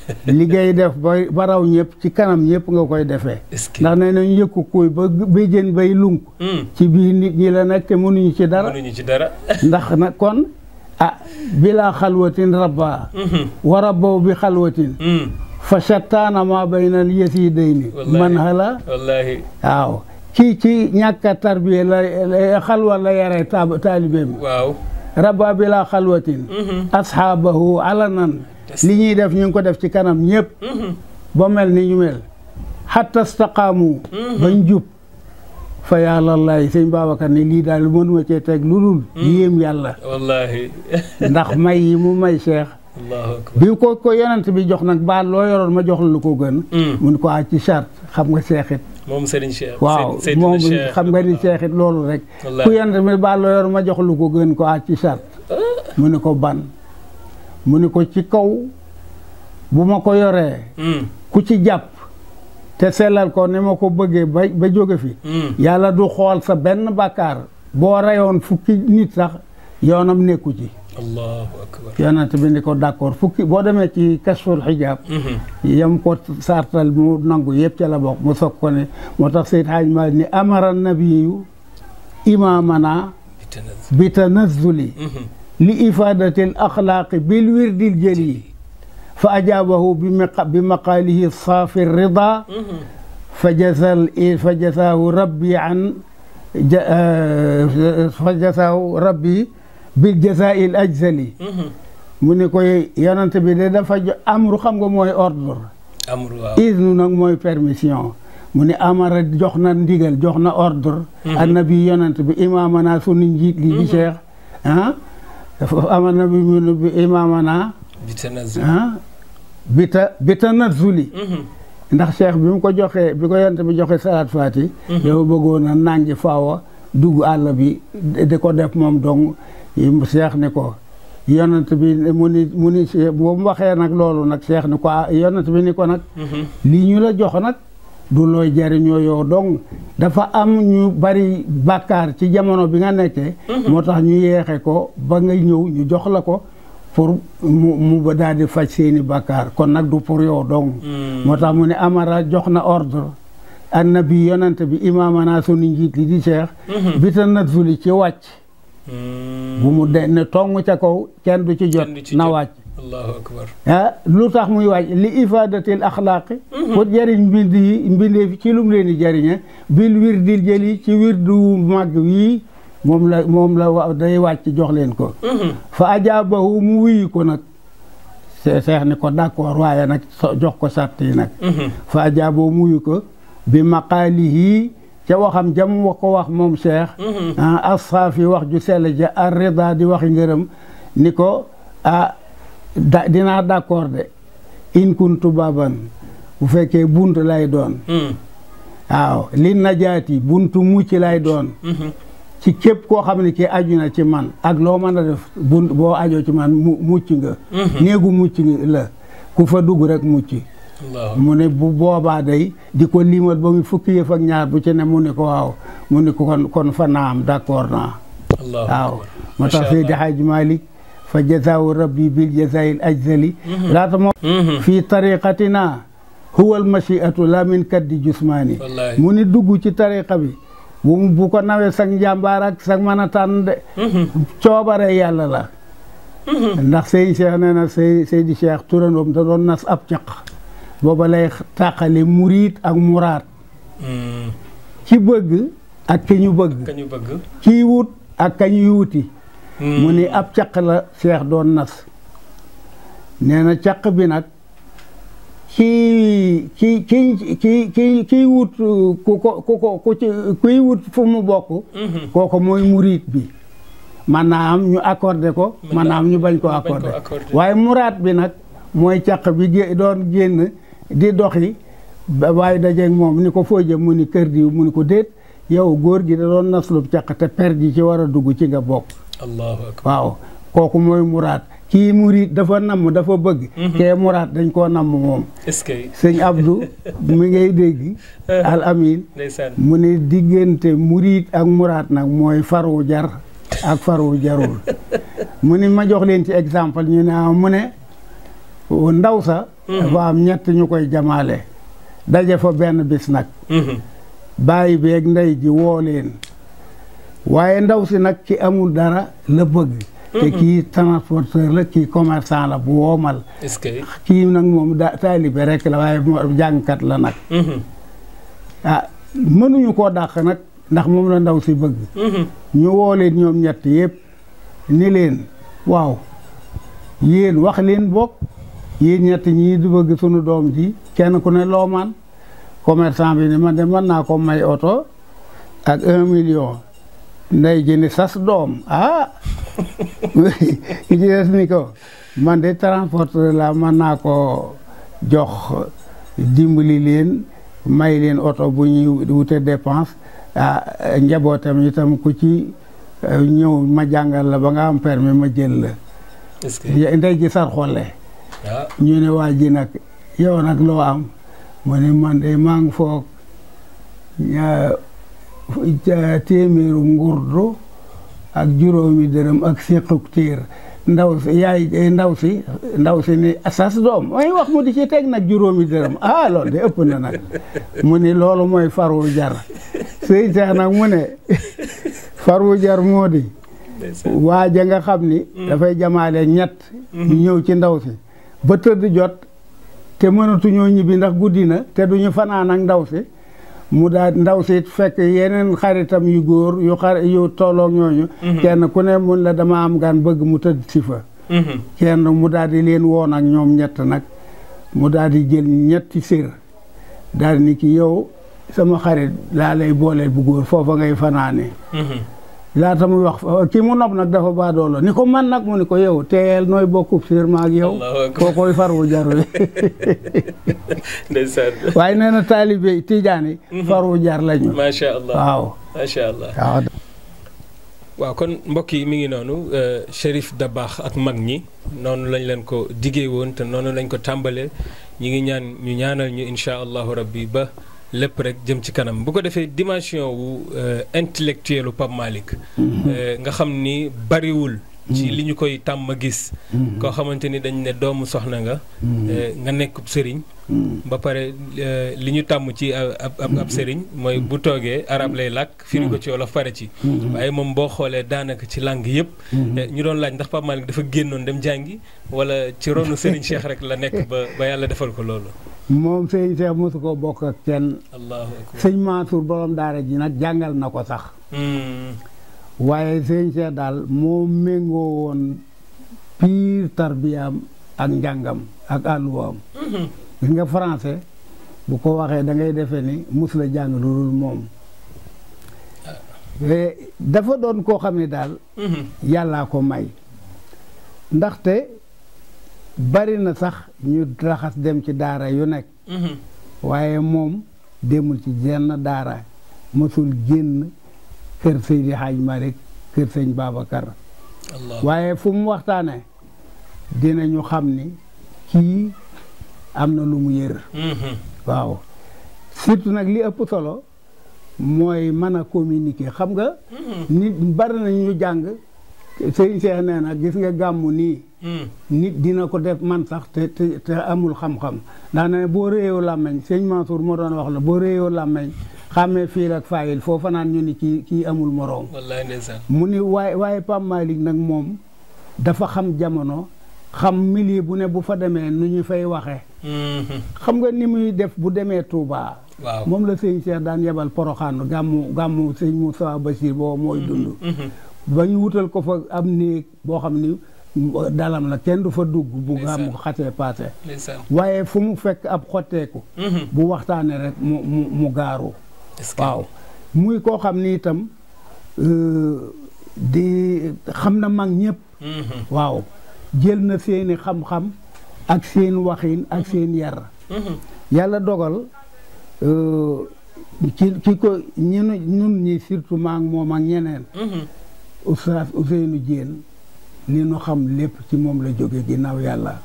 li def ba ba raw ñëpp ci kanam ñëpp nga koy defee ndax nee nañu yëkku kuuy ba bay jën bay lunk hmm. ci biir nit ñi la nag te mënuñu ci dara mënuñu ci dara ndax nag kon ah bilaa xalwatin rabba hmm. wa rabbaw bi xalwatin hmm. fa shattaana maa bayna yasidayni man hala wallaahi waaw kii ci ñàkka tarbiya la xalwa la yare taalibe mi rabba bila xalwatin mm-hmm. asxaabahu alanan li ñuy def ñu ngi ko def ci kanam ñëpp mm-hmm. ba mel ni ñu mel xatta staqaamu mm-hmm. bañ jub fa yàlla laay sëñ Babacar ne lii daal mënuma cee teg lu dul yéem yàlla ndax may yi mu may cheikh bi ko ko yonent bi jox nag baal loo yoroon ma jox la lu ko gën mm. mun ko ci charte xam nga seexit moom Serigne Cheikh waaw moom xam nga ni Cheikh it loolu rek. ku yent mi baal yor ma jox lu ko gën ko ah ci sart. Ah. mu ne ko ban mu ni ko ci kaw bu ma ko yoree. Hmm. ku ci jàpp te sellal ko ni ma ko bëggee ba ba jóge fi. Hmm. yàlla du xool sa benn bàkkaar boo reyoon fukki nit sax yoonam nekku ci. allahu akbar yonent bi ni ko d'accord fukki boo demee ci kashful xijaab mhm. yam ko sartal mu nangu yëpp ca la bokk mu soog ko ne moo tax Seyd Haaj Maalik ni amara nabiyu imaamana bi tanazzuli mhm. li ifaadati al axlaaqi bil wirdil jëli fa ajaabahu bi maqaalihi saafi rida mhm. fa jasal fa jasaahu rabbi an eh, fa jasaahu rabbi bil jazaa'il ajzali mhm. mu ne koy yonante bi de dafa amru xam nga mooy ordre amru waaw nag mooy permission mu ne amara jox na ndigal jox na ordre mhm. annabi yonante bi imaamana sunu njiit li di mhm. cheikh ah amar na bi bi imaamana ah bita bita nazuli ndax cheikh bi mu ko joxee bi ko yonante bi joxee salaat faati yow bëggoon a nangi dugg àll bi di ko def moom dong Cheikh ni ko yonent bi mu ni mu ni boo mu waxee nag loolu nag Cheikh ni ko ah, yonent bi ni ko nag mhm. lii ñu la jox nag du looy jariñoo yow dong dafa am ñu bari bàkkaar ci jamono bi nga nekkee mhm. moo tax ñu yeexe ko ba nga ñëw ñu jox la ko pour mu mu ba daal di faj seeni bakkaar kon nag du pour yow donc mm. moo tax mu ne amara jox na ordre annabi yonent bi imaamana sunu njiit li di Cheikh mhm. bi ta nat fuli ci wàcc Hmm. bu mu de ne tong ca kaw kenn du ci jot na wàcc lu tax muy wàcc li ifadatil axlaaqi pour hmm. jëriñ mbind mbindee fi ci lum leen di jëriñe bil wirdil jëli ci wirdu màgg wii moom la moom la wa day wàcc jox leen ko hmm. fa ajaabahu mu wuyu ko nag seex ni ko d'accord waaye nag jox ko sàtt yi nag fa ajaabahu mu wuyu ko bi maqaalihi ca waxam jam ko wax moom cheikh mhm. ah, asxaafi wax ju sell ja ar rida di waxi ngërëm ni ko ah dinaa d'accord de in kuntu baban bu fekkee bunt lay doon hmm. waaw li najaati buntu mucc lay doon mhm. ci képp koo xam ne ki aju na ci man ak loo mën a def bunt boo ajoo ci man mucc nga mhm. néegu mucc la ku fa dugg rek mucc mu ne bu boobaa day di ko liimal ba mu fukki yëf ak ñaar bu ci ne mu ne ko waaw mu ne ko kon kon fa naam d'accord naa waaw moo tax Seydi Hadj Malick fa jazaawu rabbi bil jazaa'il ajzali mhm. laata moo mhm. fii tariqatina huwa al machiatu la min kaddi jusmaani mu ni dugg ci tariqa bi bu bu ko nawee sag njàmbaar ak sag mën de mhm. coobare yàlla la ndax sëñ Cheikh nee na sëy Seydi turandoom da doon nas ab caq booba lay tàqale muriit ak muraat ci hmm. bëgg ak ki ñu bëgg kii wut ak ka ñuy wuti hmm. mu ni ab caq la seex doon nas nee na caq bi nag kii ki ki ki ki kii wut ku ko ci wut fu mu bokk hmm. kooku mooy muriit bi man naa am ñu accordé ko man am ñu bañ ko accordé waaye muraat bi nag mooy caq bi doon génn di doxi ba waaye dajeeg moom ni ko foo jëm mu ni kër diw mu ni ko déet yow góor gi da doon naslub caq te per ji ci war a dugg ci nga bokk allahu waaw kooku mooy muraad kii murid dafa namm dafa bëgg mhm. kee muraad dañ koo namm moom est-ce que sëñ Abdou mi ngay dégg al mu ne diggante murid ak muraad nag mooy faru jar ak faru jarul mu ne ma jox leen ci exemple ñu ne ah, mu ne ndaw sa dafa mm-hmm. am ñett ñu koy jamaale daje fa benn bis nag mm-hmm. bàyyi beeg ndey ji woo waaye ndaw si nag ki amul dara la bëgg te mm-hmm. kii transporteur la kii commerçant la bu woomal kii nag moom da taalibe rek la waaye jàngkat la nag ah mënuñu koo dàq nag ndax moom la ndaw si bëgg ñu woo ñoom ñett yëpp ni leen waaw yéen wax leen bokk yéen ñett ñii du bëgg sunu doom ji kenn ku ne loo man commerçant bi ni man de mën naa ko may oto ak un million nday ji ni sas doom ah ki ci des ni ko man de transporteur la mën naa ko jox dimbali leen may leen oto bu ñuy wute dépense ah njabootam itam ku ci eh, ñëw ma jàngal la ba nga am permis ma jël la. est-ce ndey ji sar xolle ñu ne waa nag yow nag loo am mu ne man de maa foog téeméeru ngurdu ak juróomi dërëm ak siquk tiir ndaw si yaay ndaw si ndaw si ni asas doom may wax mu di ci teg nag juróomi dërëm ah loolu de ëpp na nag mu ni loolu mooy faru jar sëy seex nag mu ne faru jar moo di waaja nga xam ni mm. dafay jamaale ñett mm-hmm. ñu ñëw ci ndaw si ba tëdd jot te mënatuñoo ñibbi ndax guddi na te duñu fanaan ak ndaw si mu daal ndaw si fekk yeneen xaritam yu góor yu xar yu tolloog ñooñu mhm. kenn ku ne mun la dama am gan bëgg mu tëdd si fa mhm. kenn mu daal di leen woon ak ñoom ñett nag mu daal di jël ñetti sér daal ni ki yow sama xarit laa lay booleel bu góor foofa ngay fanaane mhm. laata muy wax kii mu nopp nag dafa baadoo ni ko man nag mu ni ko yow teel nooy bokkub siir ma ak yow koo koy farwu jarul ndeysaan waaye nee na taalibe tijaani mhm. farwu jar lañu macha allah waaw allah waaw kon mbokk yi mi ngi noonu euh, Cherif baax ak mag ñi noonu lañ leen ko diggee woon te noonu lañ ko tàmbalee ñi ngi ñaan ñu ñaanal ñu incha allah rabbi ba lépp rek jëm ci kanam bu ko defee dimension wu euh, intellectuel u Pape Malick mm-hmm. euh, nga xam ni bariwul ci mm. li ñu koy tàmm gis. Mm. koo xamante ni dañ ne doomu soxna nga. Mm. Eh, nga nekk sëriñ. ba pare eh, li ñu tàmm ci ab ab sëriñ mooy bu toogee arab lay làkk. firi ko ci wolof pare ci. waaye moom boo xoolee daanaka ci langue yëpp. Eh, ñu doon laaj ndax Pape Malick dafa génnoon dem jàngi wala ci ronu sëriñ Cheikh rek la nekk ba ba yàlla defal ko loolu. moom sëriñ Cheikh mosu koo bokk ak kenn. allahu borom daara ji nag jàngal na ko sax. waaye sëñ Cheikh daal moo méngoo woon piir tarbiyaam ak njàngam ak àlluwaam mhm. gis nga français bu ko waxee da ngay defee ni mësula la jàng lu moom ah. eh, dafa doon koo xam ni daal mhm. yàllaa ko may ndaxte bari na sax ñu raxas dem ci daara yu nekk mhm. waaye moom demul ci jenn daara mësul génn kër Seydi Hadj Malick kër sëñ Babacar waaye fu mu waxtaane dinañu xam ni kii am na lu mu yër mhm. waaw surtout nag li ëpp solo mooy mën a communiquer xam nga mhm. nit bari nañu ñu jàng sëñ Cheikh nee na gis nga gàmmu nii mm. nit dina ko def man sax te te amul xam-xam ndax boo réyoo làmmeñ sëñ Mansour moo doon wax la boo réyoo làmmeñ xàmmee fiil ak faayil foo fanaan ñu ni kii kii amul moroom mu ni waaye waaye Pape nag moom dafa xam jamono xam milieu bu ne bu fa demee nu ñu fay waxe mm-hmm. xam nga ni muy def bu demee Touba. waaw moom la sëñ Cheikh daan yebal poroxaan gàmmu gàmmu sëñ Moussa Bachir boo mooy mm-hmm. dund mm-hmm. ba ñu wutal ko fa am néeg boo xam ni dalam la kenn du fa dugg bu gàmmu xatee paase waaye fu mu fekk ab xotteeku bu waxtaanee rek mu mu mu gaaru waaw muy koo xam ni itam euh, di xam na mag ñëpp. Mm-hmm. waaw jël na seeni xam-xam ak seen waxin ak mm-hmm. seen yar. Mm-hmm. yàlla dogal euh, ci ki ko ñun ñun ñi surtout maa ngi moom ak ñeneen. Oustaz Ousseynou Diène li nu xam lépp ci moom la jóge ginnaaw yàlla.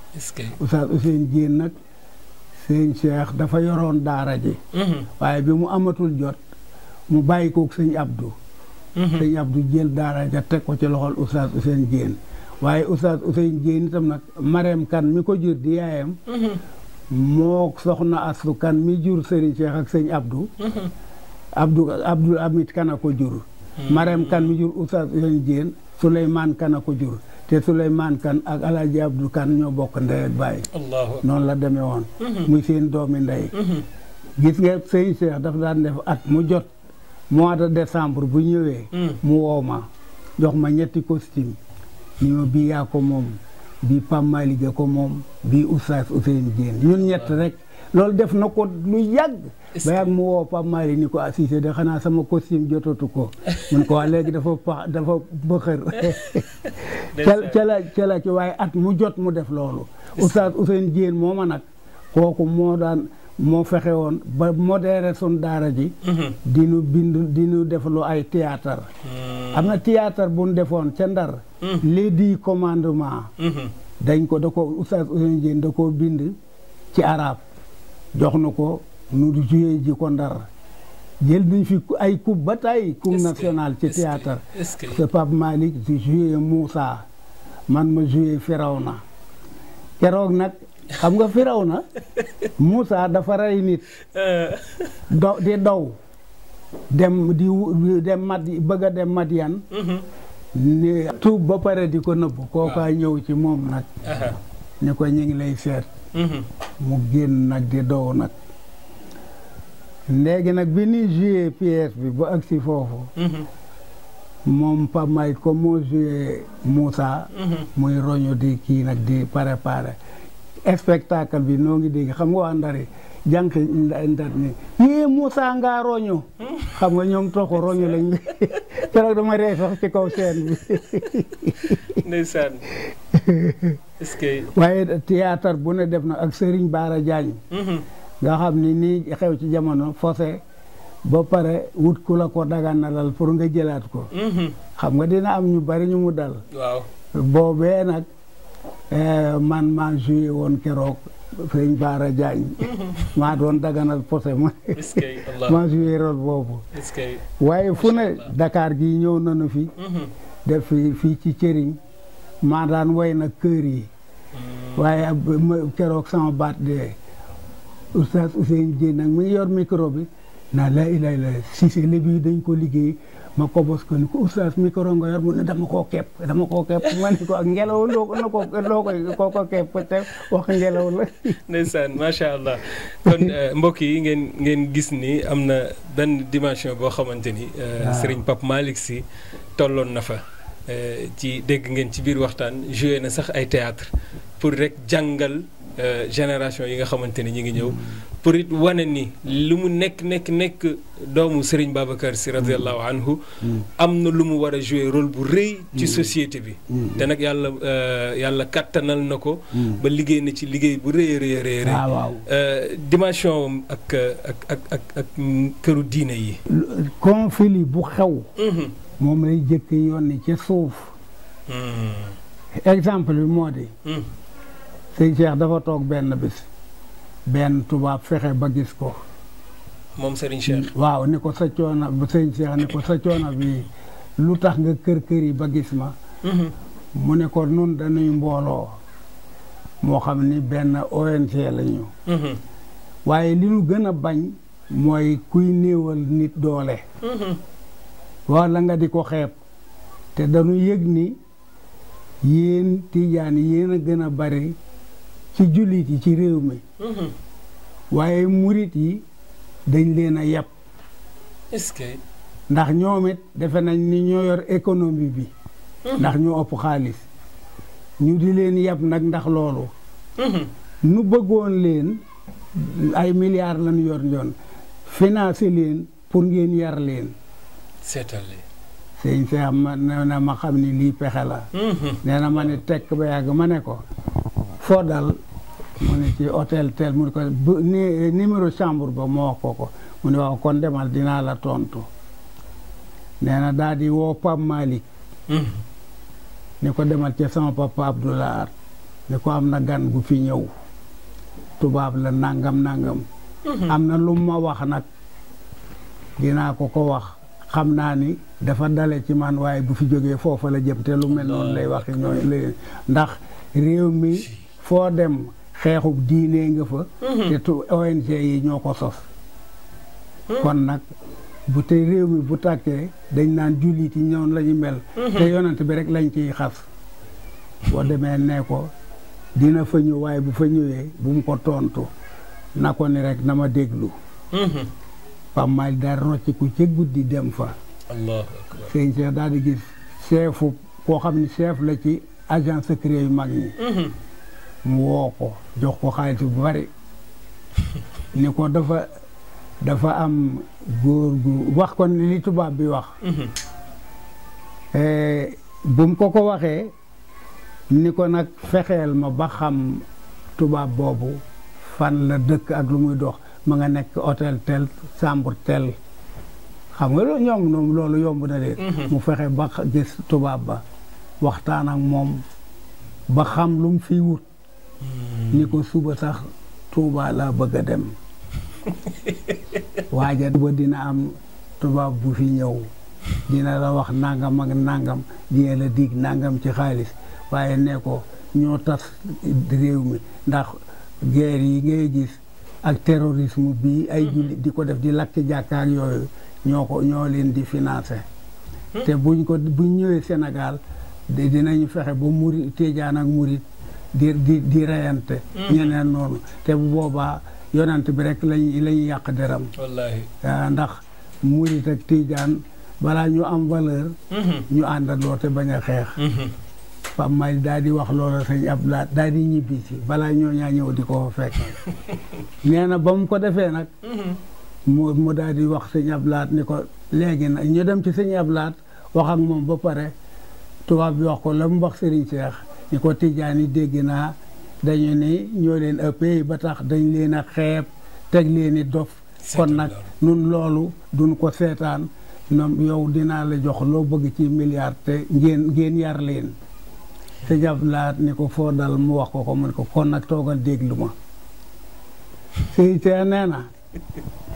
Oustaz Ousseynou Diène nag. sëñ Cheikh dafa yoroon daara ji mhm. waaye bi mu amatul jot mu bàyyi kook sëñ abdu mhm. sëñ Abdou jël daara ja teg ko ci loxol oustaz Ousseyne Diène waaye oustaz Ousseyne Diène itam nag Marème Kane mi ko jur di yaayam mhm. moo soxna Astu Kan mi jur Serigne Cheikh ak sëñ Abdou Abdou Abdoul Amit Kan a ko jur Marème Kan mi jur oustaz Ousseyne Diène Souleymane Kan a ko jur te Souleymane Kane ak El Hadj Abdou ñoo bokk ndey ak baay. noonu la deme woon. Mhm. mu seen doomi ndey. Mhm. gis nga sëñ Cheikh daf daan def at mu jot mois de décembre bu ñëwee. Mhm. mu woo ma jox ma ñetti costume ni ma bii yaa ko moom bii Pam Malick ko moom bii Oustaz Ousseynou Diène ñun ñett rek loolu def na ko lu yàgg. ba yàgg mu woo Pape Malick ni ko assisé ah, de xanaa sama costume jotatu ko mun ko wax ah, léegi dafa pax dafa bëxër ca la ca ci waaye at mu jot mu def loolu oustaz Ousseynou Diène mooma nag kooku moo daan moo fexe woon ba modéré sun daara ji mm-hmm. di nu bind di nu ay théâtre mm. am na théâtre buñ defoon ca ndar mm. les dix mm-hmm. dañ ko da ko oustaz Ousseynou Diène da koo bind ci arab jox nu ko nu di joué ji ko ndar jël nañ fi ay coupe ba tey coupe nationale ci théâtre te Pape Malick di joué Moussa man ma joué Firawna keroog nag xam nga Firawna Moussa dafa rey nit euh. do dem di dem mat bëgg a dem Madian mhm. ni tuub ba pare di ko nëbb kookaa ah. ñëw ci moom nag ah. ni ko ñu lay seet mhm. mu génn nag di dow nag léegi nag bi ñuy joué pièce bi ba si foofu mhm. moom pa may comme moo joué Moussa mhm. muy roño di kii nag di préparé spectacle bi noo ngi dégg xam nga waa Ndar yi ndar ni yée Moussa ngaa roño mhm. xam nga ñoom toxu roño lañ keroog dama ree sax ci kaw seen bi que waaye théâtre bu ne def na ak Serigne Bara Diagne nga xam ni nii xew ci jamono fosé ba pare wut ko la ko daganalal pour nga jëlaat ko. Mm-hmm. xam nga dina am ñu bari ñu mu dal. waaw boobee nag eh, man maa joué woon keroog sëñ Baara Diagne. Mm-hmm. maa doon daganal posé ma. maa joué boobu. waaye fu ne Dakar gi ñëw nañu fi. Mm-hmm. def fi fii ci cëriñ maa daan way na kër yi. Mm. waaye keroog sama baat dee. oustaz Ousseynou Dieng nag mu yor micro bi naa laa ilaaha illallaah Cissé lébi yi dañ ko liggéey ma kobos ko ni ko oustaz micro nga yor mu ne dama koo kepp dama koo kepp ma ne ko ak ngelaw loo ko loo koy macha allah kon eh, mbokk yi ngeen ngeen gis ni am na benn dimension boo xamante ni. Eh, waaw Serigne Pape si tolloon na fa. Eh, ci dégg ngeen ci biir waxtaan joué na sax ay théâtre pour rek jàngal. Euh, génération yi nga xamante ni ñu ngi ñëw pour it wane ni lu mu nekk nekk nekk doomu Serigne Babacar Sy radiallahu anhu mm. am na lu mu war a jouer role bu rëy ci mm. société bi mm. te nag yàlla euh, yàlla kattanal na ko ba liggéey na ci liggéey bu rëy rëy rëy rëy ah, euh, dimension ak ak ak ak ak këru diine yi conflit bu xew mm-hmm. moom lay jëkk yoon ni ca suuf exemple bi moo di sëñ Cheikh dafa toog benn bis benn tubaab fexe ba gis ko. moom Serigne Cheikh. waaw ni ko sa coono bu ko sa coono bi lu tax nga kër kër yi ba gis ma. Mhm. mu ne ko nun dañuy mbooloo moo xam ni benn ONG lañu. Mhm. waaye li ñu gën a bañ mooy kuy néewal nit doole. Mhm. wala nga di ko xeeb te danu yëg ni yéen tiijaan yéen a gën a bari. ci jullit yi ci réew mi mm-hmm. waaye murit yi dañ leen a yàpp est-ce que ndax ñoom it defe nañ ni ñoo yor économie bi mm-hmm. ndax ñoo ëpp xaalis ñu di leen yàpp nag ndax loolu mm-hmm. nu bëggoon leen ay milliards lañu yor yoon financé leen pour ngeen yar leen seetal leen sëñ Cheikh ma nee na ma xam ni lii pexe la nee na ma ne tekk ba yàgg ma ne ko foo dal mu ne ci hôtel tel mu ne ko ni ba ma wax ko ko mu ne waaw kon demal dinaa la tontu nee na daal woo Pape Malick hmm. ni ko demal ci sama papa Abdoulaye ni ko am na gan gu fi ñëw tubaab la nangam nangam hmm. am na lum ma wax nag dinaa ko ko wax xam naa ni dafa dale ci man waaye bu fi jógee foofa la jëm te lu mel noonu lay waxi ñooy ndax réew mi foo dem xeexub diine nga fa mhm. te tu ONG yi ñoo ko sos mhm. kon nag bu tey réew mi bu takkee dañ naan jullit yi ñoon la ñu mel mhm. te yonent bi rek lañ ciy xas boo demee nee ko dina fa ñëw waaye bu fa ñëwee bu mu ko tontu na ko ni rek na ma déglu pam maay daal rocciku ca guddi dem fa allahu akbar sëñ di gis chefu koo xam ne chef la ci agent secret yu mag ñi mu woo ko jox ko xaalis bu bari ni ko dafa dafa am góor gu wax kon li tubaab bi wax mhm. eh, bu mu ko ko waxee ni ko nag fexeel ma ba xam tubaab boobu fan la dëkk ak lu muy dox ma nga nekk hôtel tel chambre tel xam nga loolu ñoom ñoom loolu yomb na leen mhm. mu fexe ba gis tubaab ba waxtaan ak moom ba xam lu mu fiy wut ni ko suba sax Touba laa bëgg a dem waaja suba dina am tubaab bu fi ñëw dina la wax nangam ak nàngam dina la dig nangam ci xaalis waaye ne ko ñoo tas réew mi ndax guerre yi ngay gis ak terrorisme bi ay mhm. jullit di ko def di lakk jàkkaar yooyu ñoo ko ñoo leen di financer. Hmm. te buñ ko buñ ñëwee Sénégal dinañu fexe ba murit Tijaan ak murit di di di reyante mm-hmm. ñeneen noonu te bu boobaa yonent bi rek lañ la yàq deram wallaahi ah, ndax murit ak tiijaan balaa ñu am valeur mm-hmm. ñu àndandoo te bañ a xeex mm-hmm. Pape Malick daal di wax loola sëñ Abdoulaye daal di ñibbi ci balaa ñoo ñaa ñëw di ko fekk nee ba mu ko defee nag mu mu daal di wax sëñ ni ko léegi nag ñu dem ci sëñ laat wax ak moom ba pare tubaab bi wax ko la mu wax sëriñ Cheikh ni ko tiijaan yi dégg naa dañu ne ñoo leen ëppee ba tax dañ leen a xeeb teg leen i dof kon nag nun loolu duñ ko seetaan ñoom yow dinaa la jox loo bëgg ci milliard te ngeen ngeen yar leen te jab laat ni ko foo dal mu wax ko ko mu ko kon nag toogal déglu ma sëñ nee na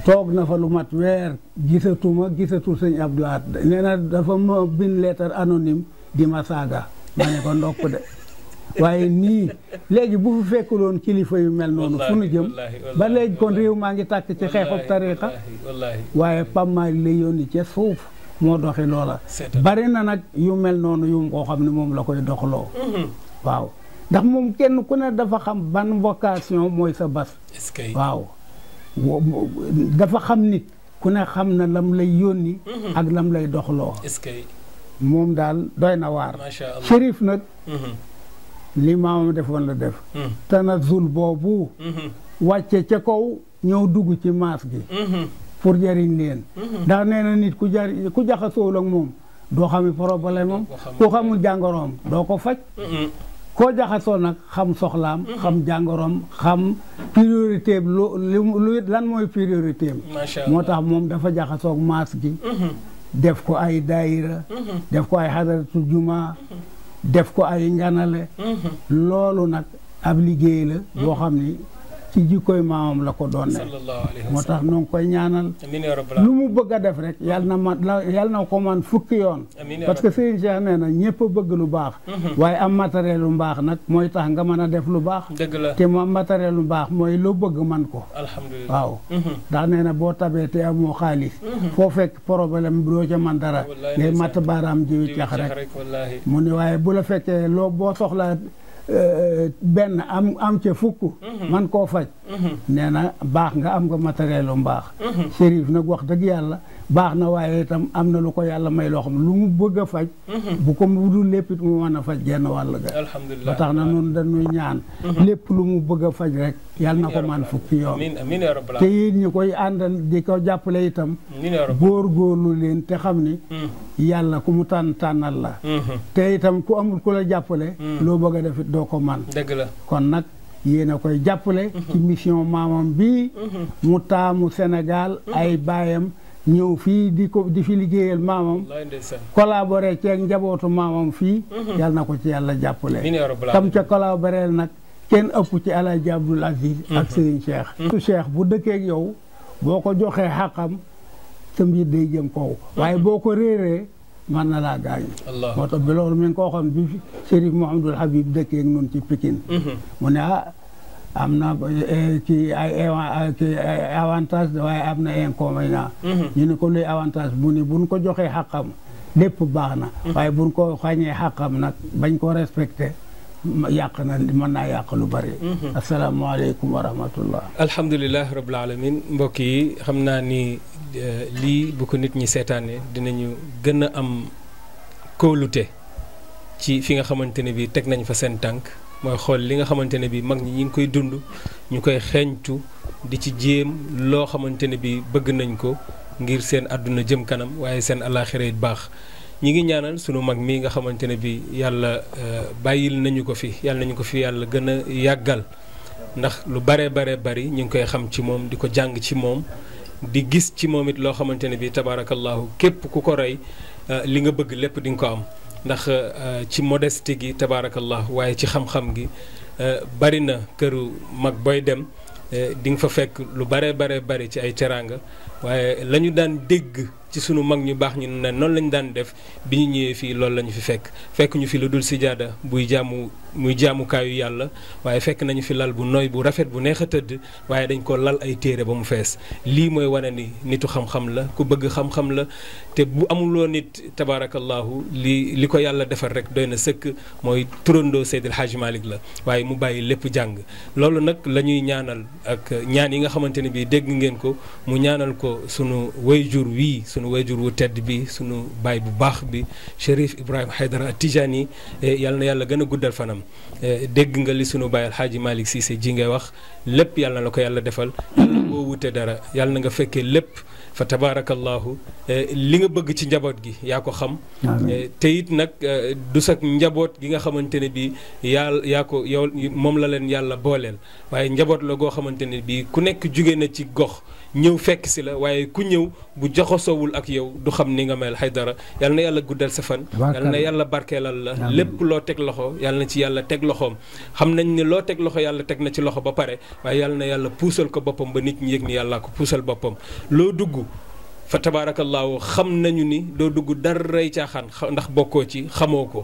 toog na fa lu mat weer gisatuma gisatu sëñ Abdou Lahat nee na dafa ma bind lettre anonyme di ma saaga ma ne ko ndokk de waaye nii léegi bu fi fekkuloon kilifa yu mel noonu fu nu jëm ba léegi kon réew maa ngi tàkk ci xeexub tariqa waaye Pape Malick lay yónni ca suuf moo doxi loola bari na nag yu mel noonu yu koo xam ne moom la koy doxloo mhm. waaw ndax moom kenn ku ne dafa xam ban vocation mooy sa bas waaw dafa xam nit ku ne xam na lam lay yónni mhm. ak lam lay doxloo moom daal doy na waar Chérif nag mhm. li maamam defoon la def mm-hmm. tanazul boobu mm-hmm. wàcce ca kaw ñëw dugg ci maas gi mm-hmm. pour jëriñ leen ndax nee nit ku jëriñ ku jaxasool moom doo xami problème am ku xamul jàngoroom doo ko faj koo jaxasoo nag xam soxlaam xam jàngoroom xam priorité lu lan mooy priorité am moo tax moom dafa jaxasoog maas gi def ko ay daayira def ko ay xadaratu juma def ko ay nganale mm-hmm. loolu nag ab liggéey la boo mm-hmm. xam ni ci jikkooy maamam la ko doon ne moo tax nu ngi koy ñaanal lu mu bëgg a def rek yal na man yal na ko man fukki yoon parce que Serigne Cheikh nee na ñëpp a bëgg lu baax mhm. waaye am matériel lu baax nag mooy tax nga mën a def lu baax te mu am matériel lu mooy loo bëgg man ko waaw mhm. ndax nee na boo tabee te amoo xaalis mhm. foo fekk problème bi doo ca man dara ngay matt baaraam jiwu cax rek mu ne waaye bu la fekkee loo boo soxla benn am am ca fukk. Mhm. man koo faj. Mhm. nee na baax nga am nga matériel lu baax. na mhm. nag wax dëgg yàlla. baax na waaye itam am na lu ko yàlla may loo xam lu mu bëgg a faj mhm. bu ko mu dul lépp it mu mën a faj genn wàll ga alhamdulilah tax na da dañuy ñaan mhm. lépp lu mu bëgg a faj rek yàlla na ko man fukki yoon te yéen ñi koy àndal di ko jàppale itam góorlu leen te xam ni mhm. yàlla ku mu tànn tànnal la te itam ku amul ku la jàppale loo bëgg a def doo ko man dëgg kon nag yéen a koy jàppale ci mission maamam bii mu taamu Sénégal ay baayam ñëw fii di ko di fi liggéeyal maamam collaboré ceeg njabootu maamam fii mhm. yàlla na ko ci yàlla jàppale tam ca collaboré nag kenn ëpp ci Alaaji Abdul Aziz ak mhm. Serigne Cheikh mhm. su Cheikh bu dëkkeek yow boo ko joxee xaqam sa mbir day jëm kaw waaye boo ko réeree man na laa gaañu moo tax bi loolu mi ngi ko Habib dëkkeek noonu ci Pikine mu ne ah am na eh, eh, kii ay eh, kii waaye am na inconvénient mhm. ñu ne ko luy avantage bu ni buñ ko joxee xàqam lépp baax na mhm. waaye buñ ko xàñee xàqam nag bañ ko respecté yàq na mën naa yàq lu bari mhm. asalaamaaleykum wa rahmatullah alhamdulilah rabbil alamin mbokk yi xam naa ni lii bu ko nit ñi seetaanee dinañu gën a am kóolute ci fi nga xamante ne bii teg nañ fa seen tànk mooy xool li nga xamante ne bi mag ñi ñu ngi koy dund ñu koy xeeñtu di ci jéem loo xamante ne bi bëgg nañ ko ngir seen àdduna jëm kanam waaye seen alaaxira it baax ñi ngi ñaanal sunu mag mii nga xamante ne bi yàlla euh, bàyyil nañu ko fi yàlla nañu ko fi yàlla gën a yàggal ndax lu bare bare bari ñu ngi koy xam ci moom di ko jàng ci moom di gis ci moom it loo xamante ne bi tabaarakallaahu képp ku ko rey euh, li nga bëgg lépp di nga ko am ndax euh, ci modest gi tabaarakallah waaye ci xam-xam gi euh, bari na këru mag booy dem euh, di nga fa fekk lu bare bare bari ci ay teraanga waaye la ñu daan dégg ci sunu mag ñu baax ñu ne noonu la ñu daan def bi ñu ñëwee fii loolu la ñu fi fekk fekk ñu fi lu dul sijaada buy jaamu muy jaamukaayu yàlla waaye fekk nañu fi lal bu nooy bu rafet bu neex a tëdd waaye dañ ko lal ay téere ba mu fees lii mooy wane ni nitu xam-xam la ku bëgg xam-xam la te bu amuloo nit tabaarakallaahu li li ko yàlla defar rek doy na sëkk mooy turandoo Seydil Hadji Malick la waaye mu bàyyi lépp jàng loolu nag la ñuy ñaan yi nga xamante ne bii dégg ngeen ko ko sunu wayjur wii sunu wayjur wu tedd bi sunu baay bu baax bi Chérif Ibrahima Haydara Tijani e, yal na yàlla gën a guddal fanam e, dégg nga li sunu baay Alxaaji Malick Cissé ji ngay wax lépp yàlla la ko yàlla defal yàlla boo wute dara yàlla na nga fekkee lépp fa tabaarakallahu e, li nga bëgg ci njaboot gi yaa ko xam te it nag du sax njaboot gi nga xamante ne bi yàlla yaa ko yow moom la leen yàlla booleel waaye njaboot la goo xamante ne bi ku nekk jóge na ci gox ñëw fekk si la waaye ku ñëw bu joxosowul ak yow du xam ni nga mel Haydara yal na yàlla guddal sa fan yal na yàlla barkeelal la lépp loo teg loxo yal na ci yàlla teg loxoom xam nañ ni loo teg loxo yàlla teg na ci loxo ba pare waaye yal na yàlla puusal ko boppam ba nit ñi yëg ni yàllaa ko puusal boppam loo dugg fa tabaarakallaahu xam nañu ni doo dugg daray caaxaan ndax bokkoo ci xamoo ko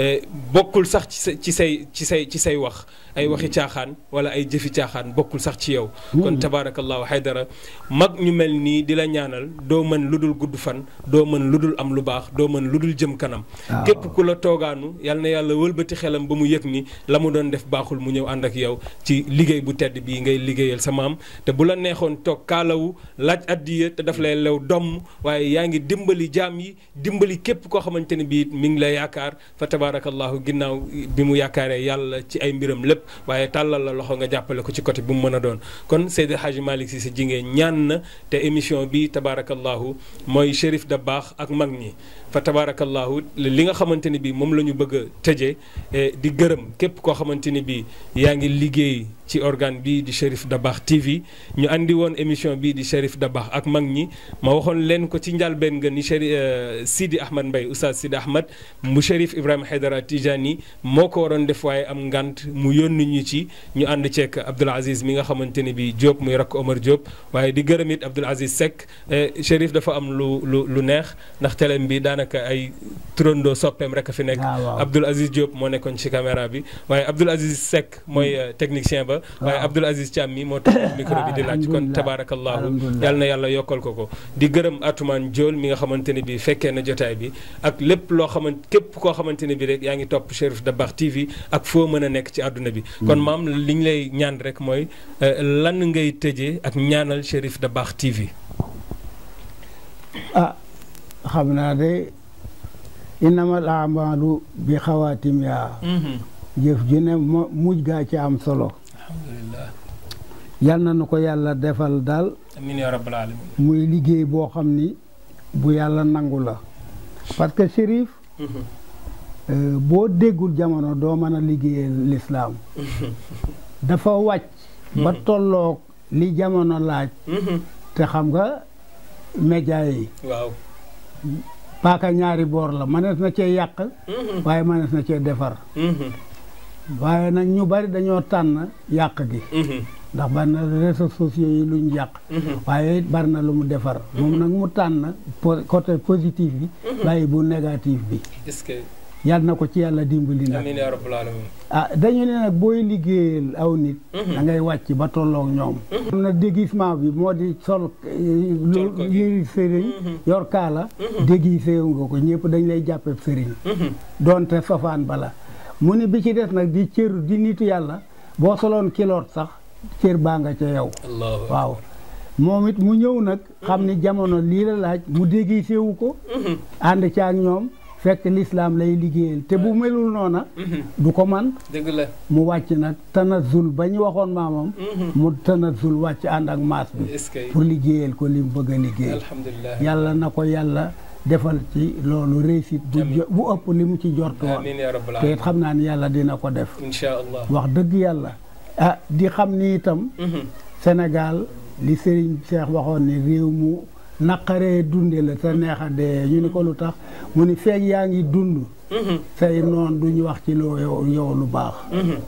Eh, bokkul sax ci sa ci say ci say ci say wax ay hmm. waxi caaxaan wala ay jëfi caaxaan bokkul sax ci yow. Hmm. kon tabaarakallaahu Haydara mag ñu mel nii di la ñaanal doo mën lu dul gudd fan doo mën lu dul am lu baax doo mën lu dul jëm kanam. Ah. képp ku la toogaanu yal na yàlla wëlbati xelam ba mu yëg ni la mu doon def baaxul mu ñëw ànd ak yow ci liggéey bu tedd bii ngay liggéeyal sa maam te bu la neexoon toog kaalawu laaj addiya te daf lay lew domm waaye yaa ngi dimbali jaam tabaarakallaahu ginnaaw bi mu yaakaaree yàlla ci ay mbiram lépp waaye tàllal la loxo nga jàppale ko ci côté bu mu mën a doon kon Seydi Hadji Malick si Sy Djingué ñaan na te émission bi tabaarakallaahu mooy Chérif Dabakh ak mag ñi fa tabaarakallaahu li nga xamante ni bi moom la ñu bëgg a tëjee eh, di gërëm képp koo xamante ni bi yaa ngi liggéey ci organe bi di Cherif Dabakh TV ñu andi woon émission bii di Cherif Dabakh ak mag ñi ma waxoon leen ko ci njalbeen nga ni Cherif eh, Sidi mbay Mbaye Oustaz Sidi Ahmad mu Cherif Ibrahima Aidara Tijani moo ko waroon def waaye am ngant mu yónni ñu ci ñu ànd ceek Abdoul Aziz mi nga xamante ni bi Diop muy rakk Omar Diop waaye di gërëm it Abdoul Aziz Seck eh, Cherif dafa am lu lu lu neex daanaka ay turandoo soppeem rek a fi nekk. Ah, Abdoul Aziz Diop moo nekkoon ci caméra bi waaye Abdoul Aziz Seck mooy hmm. euh, technicien ba. Ah. waaye Abdoul Aziz Thiam mi moo toog micro bi di ah, laaj kon tabaarakallaahu yal na yàlla yokkal ko ko di gërëm Atoumane Diol mi nga xamante ne bi fekkee na jotaay bi ak lépp loo xamante képp koo xamante ne bi rek yaa ngi topp Cherif Dabakh TV ak foo mën a nekk ci àdduna bi. Hmm. kon maam li ñu lay ñaan rek mooy euh, lan ngay tëjee ak ñaanal Cherif Dabakh TV. ah xam naa de inamal amalu bi xawaatim yaa mhm. jëf ju gaa ci am solo alhamdulilah yal na ko yàlla defal daal muy liggéey boo xam ni bu yàlla nangu la parce que Chérif mhm. euh, boo déggul jamono doo mën a liggéeyal lislaam dafa wàcc ba mhm. tolloog li jamono laaj te xam nga média yi paaka ñaari boor la mënees na cee yàq mhm. waaye mënees na cee defar mhm. waaye nag ñu bari dañoo tànn yàq gi mhm. ndax bari na réseaux sociaux yi luñ yàq waaye bari na lu mu defar moom nag mu tànn côté positif bi bàyyi bu négatif bi yàlla na ko ci yàlla dimbali na a ah, dañu ne nag booy liggéeyal aw nit mhm. da ngay wàcc ba tolloog ñoom mhm. am na déguisement bi moo di sol eh, lu yëri sëriñ mhm. yor kaala déguisé nga ko ñëpp dañ lay jàppee sëriñ doonte safaan bala mu ni bi ci des nag di cër di nitu yàlla boo soloon kiloot sax cër baa nga ca yow waaw moom it mu ñëw nag xam ni jamono lii la laaj mu déguisé ko ànd ci ak ñoom fekk lislaam lay liggéeyal te bu melul noona mhm. du ko man dëgg la mu wàcc nag tanazul ba ñu waxoon maamam mhm. mu tanazul wàcc ànd ak maas bi pour liggéeyal ko li mu bëgg a liggéeyal yàlla na ko yàlla defal ci loolu réussite bu bu ëpp li mu ci jort woon te xam naa ni yàlla dina ko def insha wax dëgg yàlla ah di xam ni itam mhm. Sénégal li Serigne Cheikh waxoon ni réew mu naqaree dunde la te neex dee ñu ni ko lu tax mu ni feeg yaa ngi dund mm-hmm. say noon duñu wax ci loo yow lu baax mm-hmm.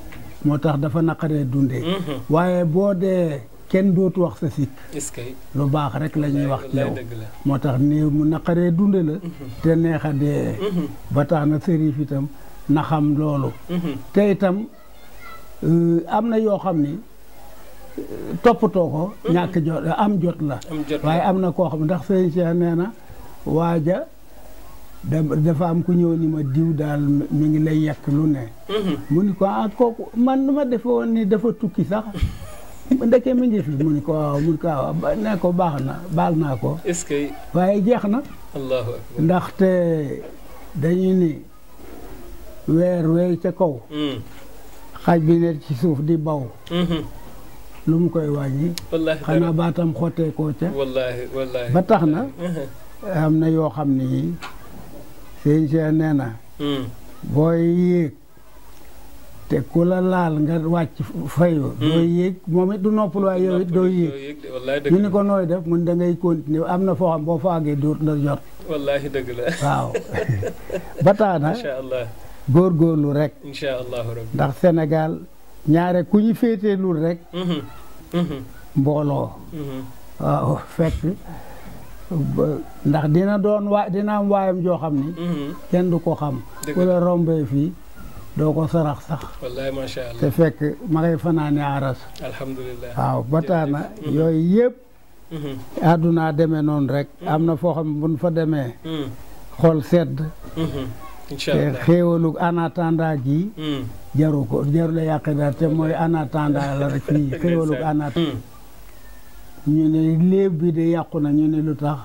moo tax dafa naqaree dundee mm-hmm. waaye boo dee kenn dootu wax sa sikk lu baax rek la ñuy wax ci yow moo tax ni mu naqaree dunde la te neex a dee ba tax na sëriif itam na xam loolu te itam euh, am na yoo xam ni toppatoo ko. ñàkk jot am jot la. waaye am na koo xam ndax sëñ Cheikh nee na waaja dafa am ku ñëw ni ma diw daal mi ngi lay yekk lu ne. Mhm. mu ni ko ah kooku man nu ma defe woon ni dafa tukki sax. ndeke mi ngi fi mu ni ko waaw mu ni ko waaw ne ko baax na baal naa ko. est-ce que. waaye jeex na. allahu akbar ndaxte dañu ni weer weey ca kaw. Mm. xaj bi ne ci suuf di baw. Mhm. lu mu koy wàññi. wallaahi xanaa baatam xottee koo ca. wallaahi na. Uh-huh. am na yoo xam ni yii. sëñ Cheikh nee na. Hmm. booy yéeg te ku la laal nga wàcc fayu. Hmm. doo yéeg moom it du noppal waaye yow it doo yéeg. ñu ko nooy def mun da ngay continuer am na foo xam boo faagee dóor la jot. wallaahi la. waaw ba tax na. incha allah góorgóorlu rek. incha ndax senegal ñaare ku ñu féetee lul rek. Mhm. Mhm. mbooloo. Mhm. Ah, fekk ndax dina doon waa dina am waayam joo xam ni. kenn du ko xam. wala rombee fii doo ko sarax sax. wallaay macha allah te fekk ma ngay aras. waaw ba yooyu yépp àdduna deme noonu rek. am na foo xam ne fa demee. xol sedd. incha te xéewalu en attendant gi. jaruko ko jaru daal te mooy en attendant la rek fii xéwalu en attendant hmm. ñu ne léeb bi de yàqu na ñu ne lu tax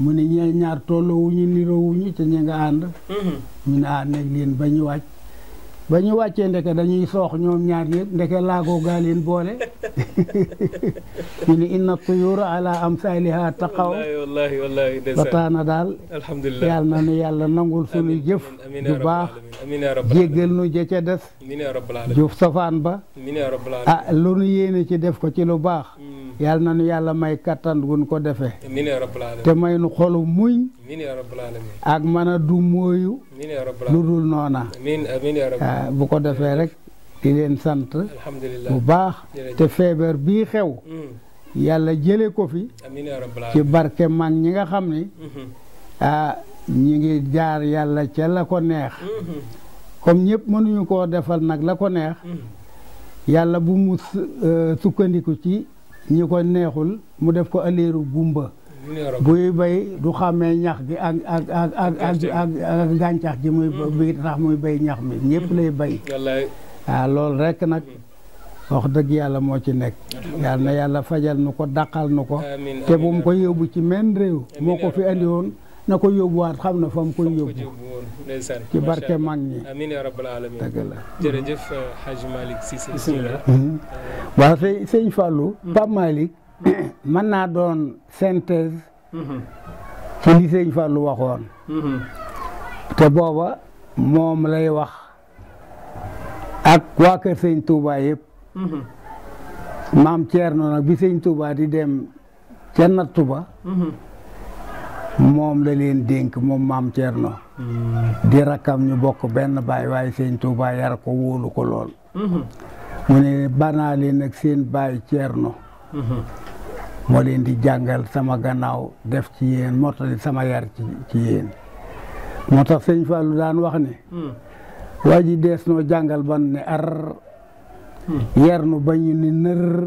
mu ne ñaar tolloo wu ñu niroo wu ñu te ñu nga ànd hmm. ñu ne ah nekk leen ba ñu wàcc ba ñu wàccee ndeke dañuy soox ñoom ñaar ñëpp ndeke laagoo gaa leen boole ñu ni inna tuyura ala taana daal alhamdulilah yàlla na nu yàlla nangul suñu jëf ju baax jéggal nu ja des juf safaan ba ah lu nu yéene ci def ko ci lu baax hmm. yàlla na nu yàlla may kattan gun ko defee. te may nu xolu muñ. ak mën a du mooyu. lu dul noona. Ah, bu ko defee rek di leen sant. bu baax te feebar bii xew. Hmm. yàlla jële ko fi. ci barke mag ñi nga xam ni. Hmm. ah ñi ngi jaar yàlla ca la ko neex. Hmm. comme ñëpp mënuñu koo defal nag la ko neex. yàlla bu mu euh, sukkandiku ci. ñi ko neexul mu def ko aleeru gumba buy bay du xàmmee ñax bi ak ak ak ak ak ak gàncax gi muy mm-hmm. bi tax muy bay ñax mi ñëpp lay bay waaw lool rekk nag mm-hmm. wax dëgg yàlla moo ci nekk mm-hmm. yàlla na yàlla fajal nu ko daqal nu ko te bu mu ko yóbbu ci men réew moo ko fi andi woon na ko yóbbuwaat xam na fa mu koy yóbbu ci barke mag ñi amiin yaa rabbal alamin dëgg la jërëjëf euh, Hadj naa doon synthèse mm-hmm. ci li sëñ Fallou waxoon mm-hmm. te booba moom lay wax ak waa kër sëñ Touba yëpp mm-hmm. maam Thierno bi sëñ Touba di dem ca nattu ba moom la leen dénk moom maam Thierno. Mm. di rakkam ñu bokk benn baay waaye sëñ Touba yar ko wóolu ko lool. Mm-hmm. mu ne banaa leen ak seen baay Thierno. Mm-hmm. moo leen di jàngal sama gannaaw def ci yéen moo tax sama yar ci ci yéen moo tax sëñ Fallou daan wax ne. Mm. waa ji dees noo jàngal ban ne ar. Mm. ba ni nër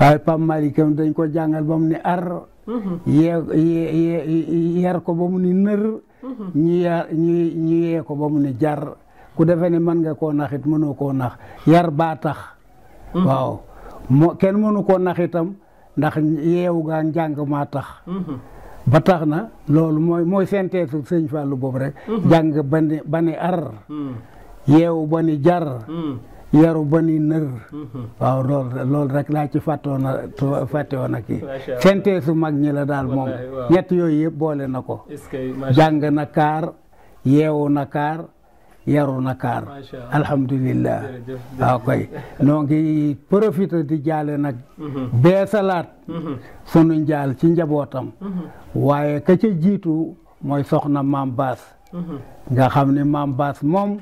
waaye Pape Malick dañ ko jàngal ba mu ni ar mhm. yee yar ko ba mu ni nër mhm. ñu yee ko ba mu ni jar ku defe ne mën nga koo naxit it mënoo koo nax yar baa tax mhm. waaw kenn mënu koo naxitam ndax yeewu gaa njàng maa tax ba tax na loolu mooy mooy senteesu sëñ Fallou boobu rek jàng ba ni ar yeewu ba ni jar yaru ba ni nër mm-hmm. waaw loolu rek laa ci fàttoon a fàttewoon a su mag ñi la daal moom ñett yooyu yëpp boole na ko jàng na kaar yeewu na kaar yaru na kaar alhamdulillah waaw koy noo ngi profité di jaale nag mm-hmm. bee salaat mm-hmm. sunu njaal ci njabootam waaye ka ca jiitu mooy soxna maam baas nga xam ne maam baas moom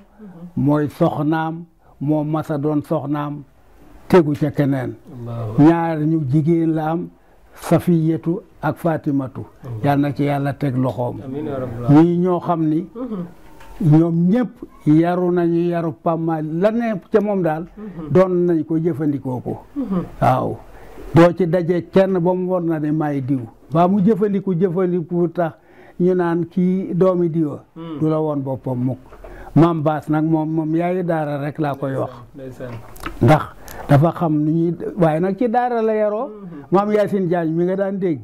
mooy soxnaam moom masa doon soxnaam tegu ca keneen ñaar ñu jigéen la am safiyatu ak faatimatu yal na ci yàlla teg loxoom ñii ñoo xam ni mhm. ñoom ñëpp yaru nañu yaru pamma la ne moom daal mhm. doon nañ ko jëfandikoo ko mhm. waaw doo ci daje kenn ba mu war na may diw ba mu jëfandiku jëfandiku tax ñu naan kii doomi diwa du la woon boppam mukk maam baas nag moom moom yaayu daara rek laa koy wax ndax dafa xam nu ñuy waaye nag ci daara la yaroo mm-hmm. maam Yacine Diagne mi nga daan dégg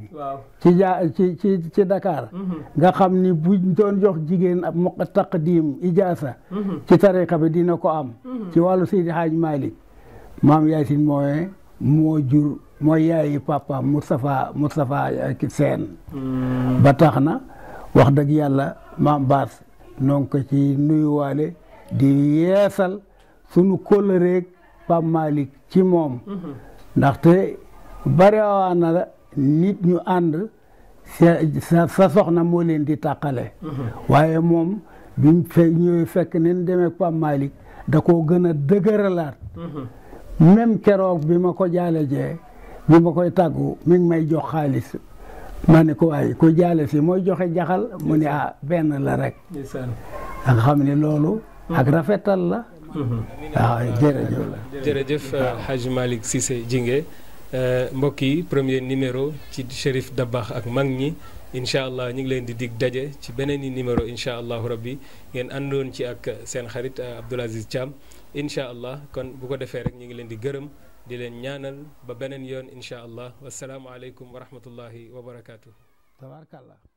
ci ja ci ci ci Dakar mm-hmm. nga xam ni buñ doon jox jigéen ab mu taqdim ijaasa mm-hmm. ci tariqa bi dina ko am ci wàllu Seydi Haaj Malick maam Yacine mooy moo jur mooy yaayi papa Moustapha Moustapha Sène ba tax na wax dëgg yàlla maam baas noon ko ci nuyuwaale di yeesal sunu kóllëreeg Pape Malick ci moom mm-hmm. ndaxte bariwaana la nit ñu ànd sa sa soxna moo leen di tàqale mm-hmm. waaye moom biñ fe ñëwee fekk nen demee Pape Malick da koo gën a dëgëralaat mm-hmm. même keroog bi ma ko jale jee bi ma koy tàggu mi ngi may jox xaalis ma ne ko waaye ku jaale si mooy joxe jaxal mu ne ah benn la rek. da xam ne loolu. ak rafetal la. Mhm. Ah, jërëjëf. jërëjëf Hadj Malick jinge Djingué euh, mbokk yi premier numéro ci Chérif Dabakh ak mag ñi incha allah ñu ngi leen di digg daje ci beneen i numéro incha allahu rabbi ngeen àndoon ci ak seen xarit euh, Abdoul Aziz Thiam incha allah kon bu ko defee rek ñu ngi leen di gërëm. di leen ñaanal ba beneen yoon incha allah wasalaamualeykum wa rahmatullahi wa barakaatu. tabaarkalla.